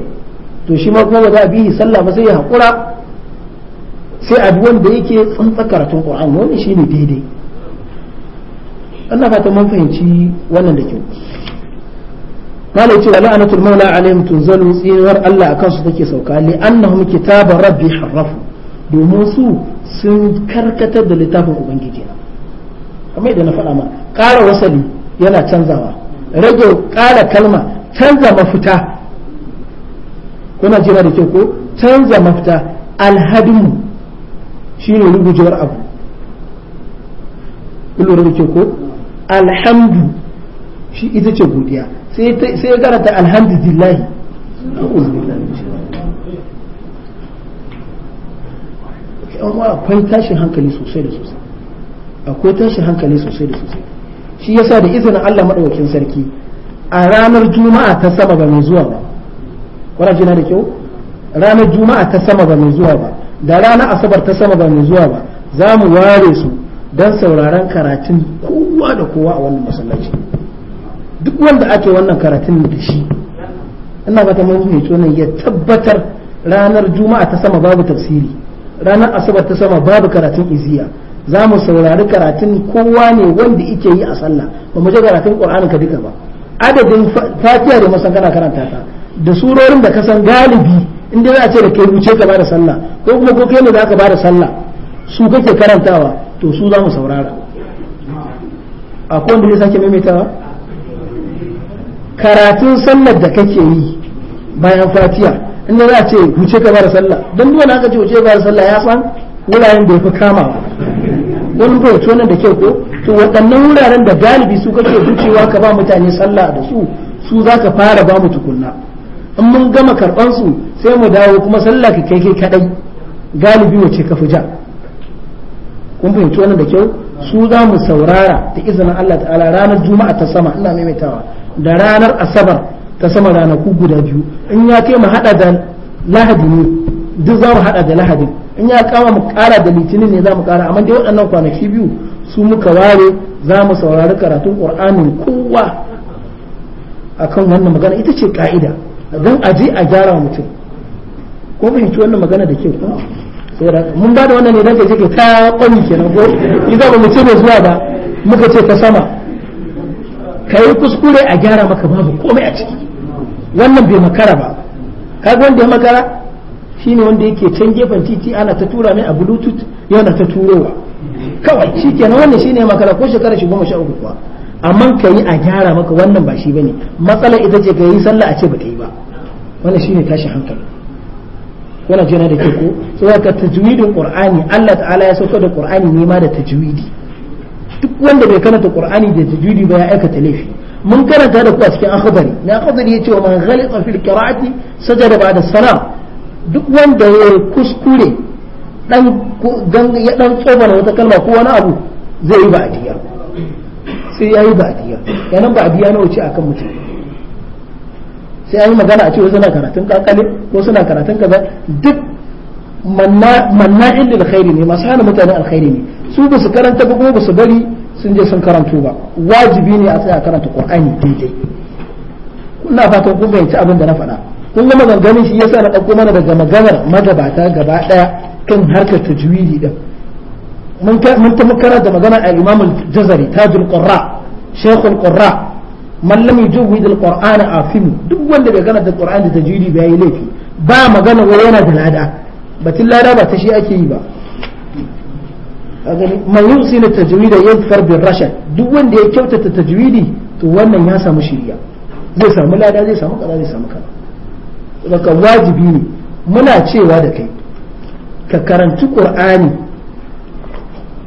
to shi ma kuma ba za a bi sallah ba sai ya hakura sai a bi wanda yake tsantsa karatun qur'an wannan ne daidai ina fatan mun fahimci wannan da kyau malai cewa la'anatul maula alaihim tunzalu tsinuwar Allah akan su take sauka li annahum kitaba rabbi harafu domin su sun karkatar da littafin ubangiji kamar da na faɗa ma ƙara wasali yana canzawa rage ƙara kalma canza mafita kuna jira da ke ko canza mafita alhadimu shi ne rugujewar abu kun da ke alhamdu shi ita ce godiya sai ya karanta alhamdulillah amma akwai tashin hankali sosai da sosai akwai tashin hankali sosai da sosai shi yasa da izinin Allah madaukakin sarki a ranar juma'a ta sama ba mai zuwa ba kuna jina da kyau ranar juma'a ta sama ba mai zuwa ba da ranar asabar ta sama ba mai zuwa ba za mu ware su don sauraron karatun kowa da kowa a wannan masallaci duk wanda ake wannan karatun da shi ina fata mun mai wannan ya tabbatar ranar juma'a ta sama babu tafsiri ranar asabar ta sama babu karatun iziya za mu saurari karatun kowa ne wanda ike yi a sallah ba mu je karatun qur'anin ka duka ba adadin fatiha da masan kana karanta ta da surorin da ka san galibi inda za a ce da kai wuce ka bada sallah ko kuma ko kai ne za ka bada sallah su kake karantawa to su za mu saurara akwai wanda zai sake maimaitawa karatun sallar da kake yi bayan fatiya inda za a ce wuce ka bar sallah don dole aka ce wuce ka bar sallah ya san wuraren da ya fi kama wani fahimci wannan da kyau ko to waɗannan wuraren da galibi su kake wucewa ka ba mutane sallah da su su za ka fara ba mu tukunna in mun gama karɓan su sai mu dawo kuma sallah ka kai kai kaɗai galibi wace ka fi ja kun fahimci wannan da kyau su za mu saurara da izinin Allah ta'ala ranar juma'a ta sama ina maimaitawa da ranar asabar ta sama ranaku guda biyu in ya ce mu hada da lahadi ne duk za mu hada da lahadi in ya kama mu kara da litinin ne za mu kara amma dai waɗannan kwanaki biyu su muka ware za mu saurari karatun qur'anin kowa akan wannan magana ita ce ka'ida don a je a gyara mutum ko fahimci wannan magana da kyau mun ba da wannan ne don ka je ka ta kwani kenan ko idan ba mu ce zuwa ba muka ce ta sama kai kuskure a gyara maka babu komai a ciki wannan bai makara ba kaga wanda ya makara shine wanda yake can gefen titi ana ta tura mai a bluetooth yana ta turowa kawai shi kenan wannan shine makara ko shekara shi goma sha uku kuwa amma ka yi a gyara maka wannan ba shi ba ne matsala ita ce ka yi sallah a ce ba ta yi ba wannan shi ne hankali wannan jina da ke ko sai ka tajwidin qur'ani Allah ta'ala ya sauka da qur'ani nema da tajwidi duk wanda bai karanta qur'ani da tajwidi ba ya aikata laifi mun karanta da ku a cikin akhbari na akhbari yace wa man ghalita fil qira'ati sajada ba'da salam duk wanda ya kuskure dan ya dan tsoma wata kalma ko wani abu zai yi ba'diya sai ya yi ba'diya yanan ba'diya nawa ce akan mutum sai an yi magana a ce wasu na karatun kakale ko suna karatun kaza duk manna inda alkhairi ne masu hana mutane alkhairi ne su ba su karanta ba kuma ba su bari sun je sun karanto ba wajibi ne a tsaya karanta qur'ani daidai kuna fatan kun fahimci abin da na faɗa kun ga maganganun shi yasa na ɗauko mana daga maganar magabata gaba ɗaya kan harkar tajwidi din mun ta karanta magana a imamul jazari tajul qurra shaykhul qurra man lam yujawwid al-qur'ana afimu duk wanda bai karanta qur'ani da tajwidi bai yi laifi ba magana wai yana da lada batun lada ba ta shi ake yi ba man yusina da yadhkar bin rasha duk wanda ya kyautata tajwidi to wannan ya samu shiriya zai samu lada zai samu kaza zai samu kaza daga wajibi ne muna cewa da kai ka karanci qur'ani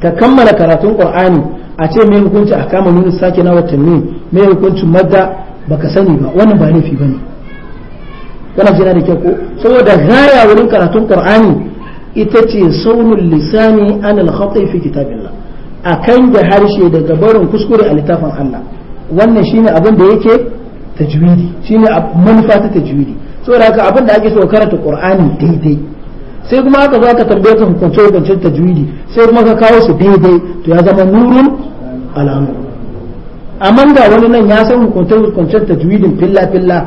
ka kammala karatun qur'ani a ce mai hukunci a kama nuna sake na watanni mai hukuncin madda baka sani ba wannan ba laifi ne. kana jira da kyau ko saboda gaya wurin karatun qur'ani ita ce saunul lisani an al-khata fi kitabillah akan da harshe daga barin kuskure a littafin Allah wannan shine abin da yake tajwidi shine manufa ta tajwidi saboda haka abin da ake so karanta qur'ani daidai sai kuma aka za ka tambaye ka hukunce hukuncen tajwidi sai kuma ka kawo su daidai to ya zama nurun alamu amma da wani nan ya san hukuncen hukuncen tajwidin filla filla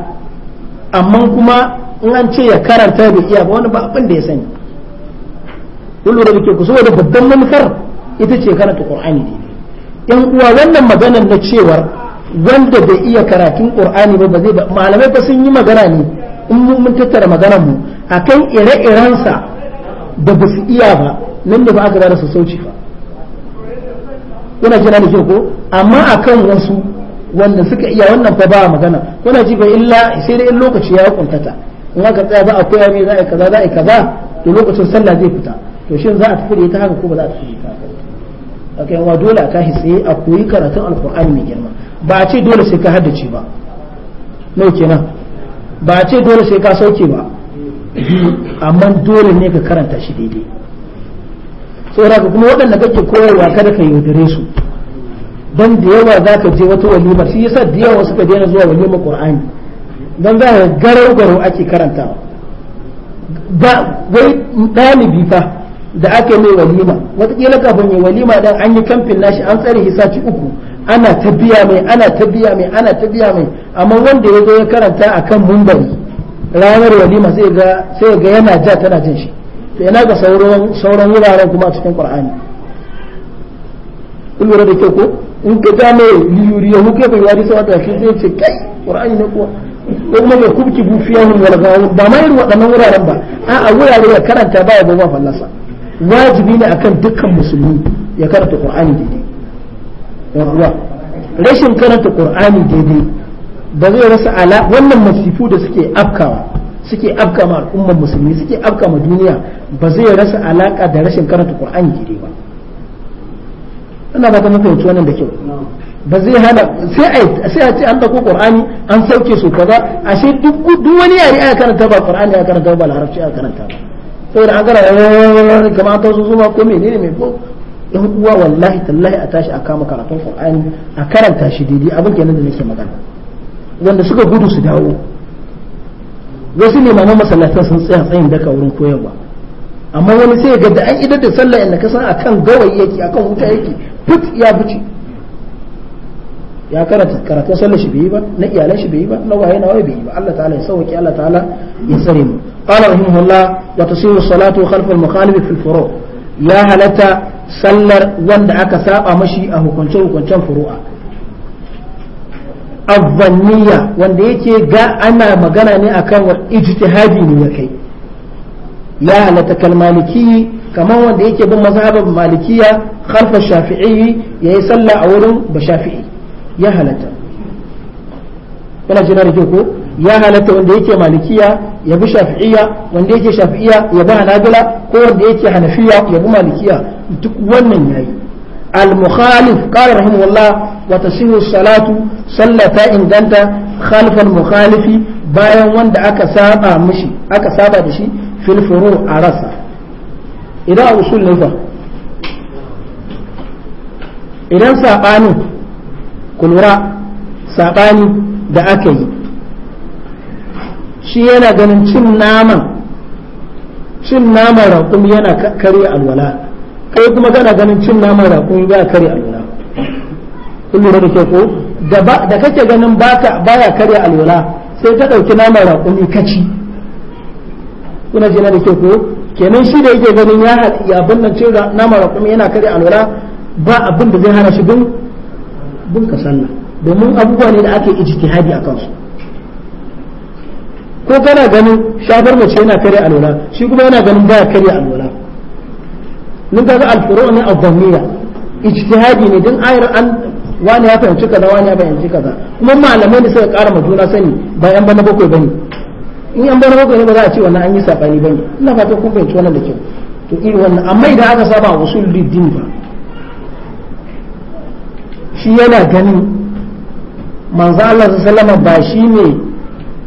amma kuma in an ce ya karanta bai iya ba wani ba abin da ya sani dole da ke ku saboda babban manufar ita ce karanta qur'ani ne uwa wannan maganar na cewar wanda bai iya karatun qur'ani ba ba zai ba malamai ba sun yi magana ne in mun tattara maganar mu akan ire iren sa da ba su iya ba nan da ba aka ba da su sauci ba Ina jira ne ko amma akan wasu wanda suka iya wannan fa ba magana kuna ji ba illa sai dai in lokaci ya kuntata in aka tsaya za a koya za a kaza za a kaza to lokacin sallah zai fita to shin za a tafi da ita haka ko ba za a tafi da ita haka akai wa dole a tashi tsaye a koyi karatun alqur'ani mai girma ba a ce dole sai ka haddace ba nau kenan ba a ce dole sai ka sauke ba amma dole ne ka karanta shi daidai ka kuma waɗanda kake koyarwa kada ka yaudare su dan da yawa za ka je wata walima shi yasa da yawa suka daina zuwa walima qur'ani dan za ka garau garau ake karantawa ba wai bi fa da aka mai walima wata watakila kafin ya walima dan an yi kamfin nashi an tsare hisaci uku ana ta biya mai ana ta biya mai ana ta biya mai amma wanda ya zo ya karanta akan mumbari ranar walima sai ga sai yana ja tana jin shi to yana ga sauran sauran wuraren kuma a cikin qur'ani kun lura da ke ko in ka ja mai liyuri ya huke bai wari sawata shi zai ce kai qur'ani ne kuwa ko kuma ya kubki bufiyahum wal ghawun ba mai waɗannan wuraren ba a a wurare ya karanta ba ya goma fallasa wajibi ne akan dukkan musulmi ya karanta qur'ani daidai yawwa rashin karanta qur'ani daidai ba zai rasa ala wannan masifu da suke afkawa suke afka ma al'ummar musulmi suke afka ma duniya ba zai rasa alaka da rashin karanta qur'ani daidai ba ina ba ta wannan da kyau ba zai hana sai a ce an dauko qur'ani an sauke su kaza ashe duk duk wani yare aka karanta ba qur'ani aka karanta ba larabci aka karanta ba saboda an gara kamar ta zuwa ko menene mai ko in uwa wallahi tallahi a tashi a kama karatun qur'ani a karanta shi daidai abin kenan da nake magana wanda suka gudu su dawo wasu limaman masallatan sun tsaya tsayin daka wurin koyarwa amma wani sai ga da an idar da sallah inda ka san a akan gawayi yake kan wuta yake fit ya buce ya karanta karatun sallar shi bai yi ba na iyalan shi bai yi ba na waye na waye bai yi ba Allah ta'ala ya sauke Allah ta'ala ya tsare mu qala rahimahullah wa tasiru salatu khalf al mukhalif fil furu ya halata sallar wanda aka saba mashi a hukuncin hukuncin furu'a azzanniya wanda yake ga ana magana ne akan wa ijtihadi ne ya kai ya halatta kalmaliki kamar wanda yake bin mazhabar malikiya khalfa shafi'i yayi sallah a wurin ba shafi'i ya halatta kana jira da ko ya halatta wanda yake malikiya ya bi shafi'iya wanda yake shafi'iya ya bi hanabila ko wanda yake hanafiya ya bi malikiya duk wannan yayi المخالف قال رحمه الله وتصير الصلاة صلى إن كانت خلف المخالف bayan wanda aka saba mishi saba da shi fil furu a rasa idan a usul ne fa idan saɓani kulura saɓani da aka yi shi yana ganin cin naman raƙumi yana karya alwala kai kuma kana ganin cin naman raƙumi ba karya alwala kun lura da ke ko da kake ganin baya karya alwala sai ta ɗauki naman raƙumi ka ci. kuna ji na da ke ko kenan shi da yake ganin ya haɗi abin nan cewa nama raƙumi yana kare alwala ba abin da zai hana shi bin bin ka domin abubuwa ne da ake ijtihadi a kansu ko kana ganin shafar mace yana kare alwala shi kuma yana ganin baya kare alwala mun ga alfuru ne ijiki ijtihadi ne din ayar an wani ya fahimci kaza wani ya fahimci kaza kuma malamai ne suka ƙara ma juna sani bayan bana bakwai bane in an bar bakwai ne ba za a ce wannan an yi sabani bane ina fata kun fahimci wannan da kyau to irin wannan amma idan aka saba usulul din ba shi yana ganin manzo Allah sallallahu ba shi ne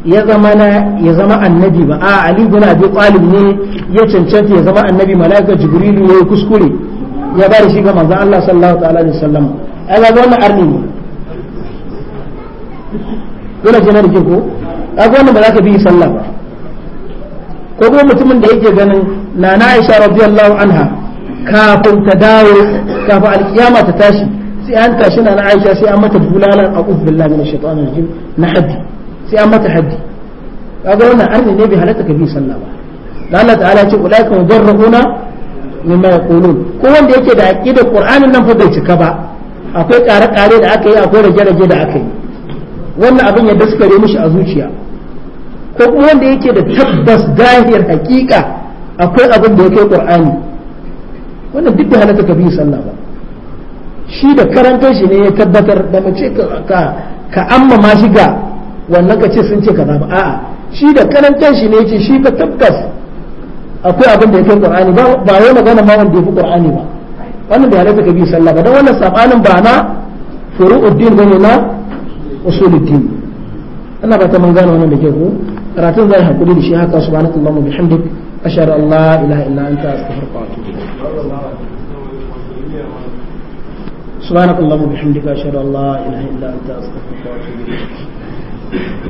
ya zama na ya zama annabi ba a Ali bin Abi Talib ne ya cancanta ya zama annabi malaika ne ya kuskure ya bada shi ga manzo Allah sallallahu alaihi wasallam ai ga wannan arni ne dole ce na ko kaga wannan ba za ka bi sallah ba ko kuma mutumin da yake ganin na na Aisha radiyallahu anha kafin ta dawo kafin alkiyama ta tashi sai an tashi na na Aisha sai an mata bulalan a'udhu billahi minash shaitanir rajim na haddi sai an mata haddi kaga wannan arni ne bai halatta ka bi sallah ba da Allah ta'ala ce ulaika mudarrabuna mimma yaqulun ko wanda yake da aqidar qur'anin nan fa bai cika ba akwai kare-kare da aka yi akwai rage-rage da aka yi wannan abin ya daskare mishi a zuciya ko kuma wanda yake da tabbas zahir hakika akwai abin da yake qur'ani wannan duk da halatta ka bi sallah ba shi da karantar shi ne ya tabbatar da mace ka ka amma ma shi ga wannan ka ce sun ce kaza ba a'a shi da karantar shi ne ya ce shi ka tabbas akwai abin da yake qur'ani ba ba wai magana ma wanda yake qur'ani ba wannan da halatta ka bi sallah ba dan wannan sabanin ba na furu'uddin bane na أصول الدين أنا بعتمد أنا وأنا بجيبه راتب الله يحب لي لشيهاك سبحانك اللهم وبحمدك أشهد أن لا إله إلا أنت أستغفرك وأتوب سبحانك اللهم وبحمدك أشهد أن لا إله إلا أنت أستغفرك وأتوب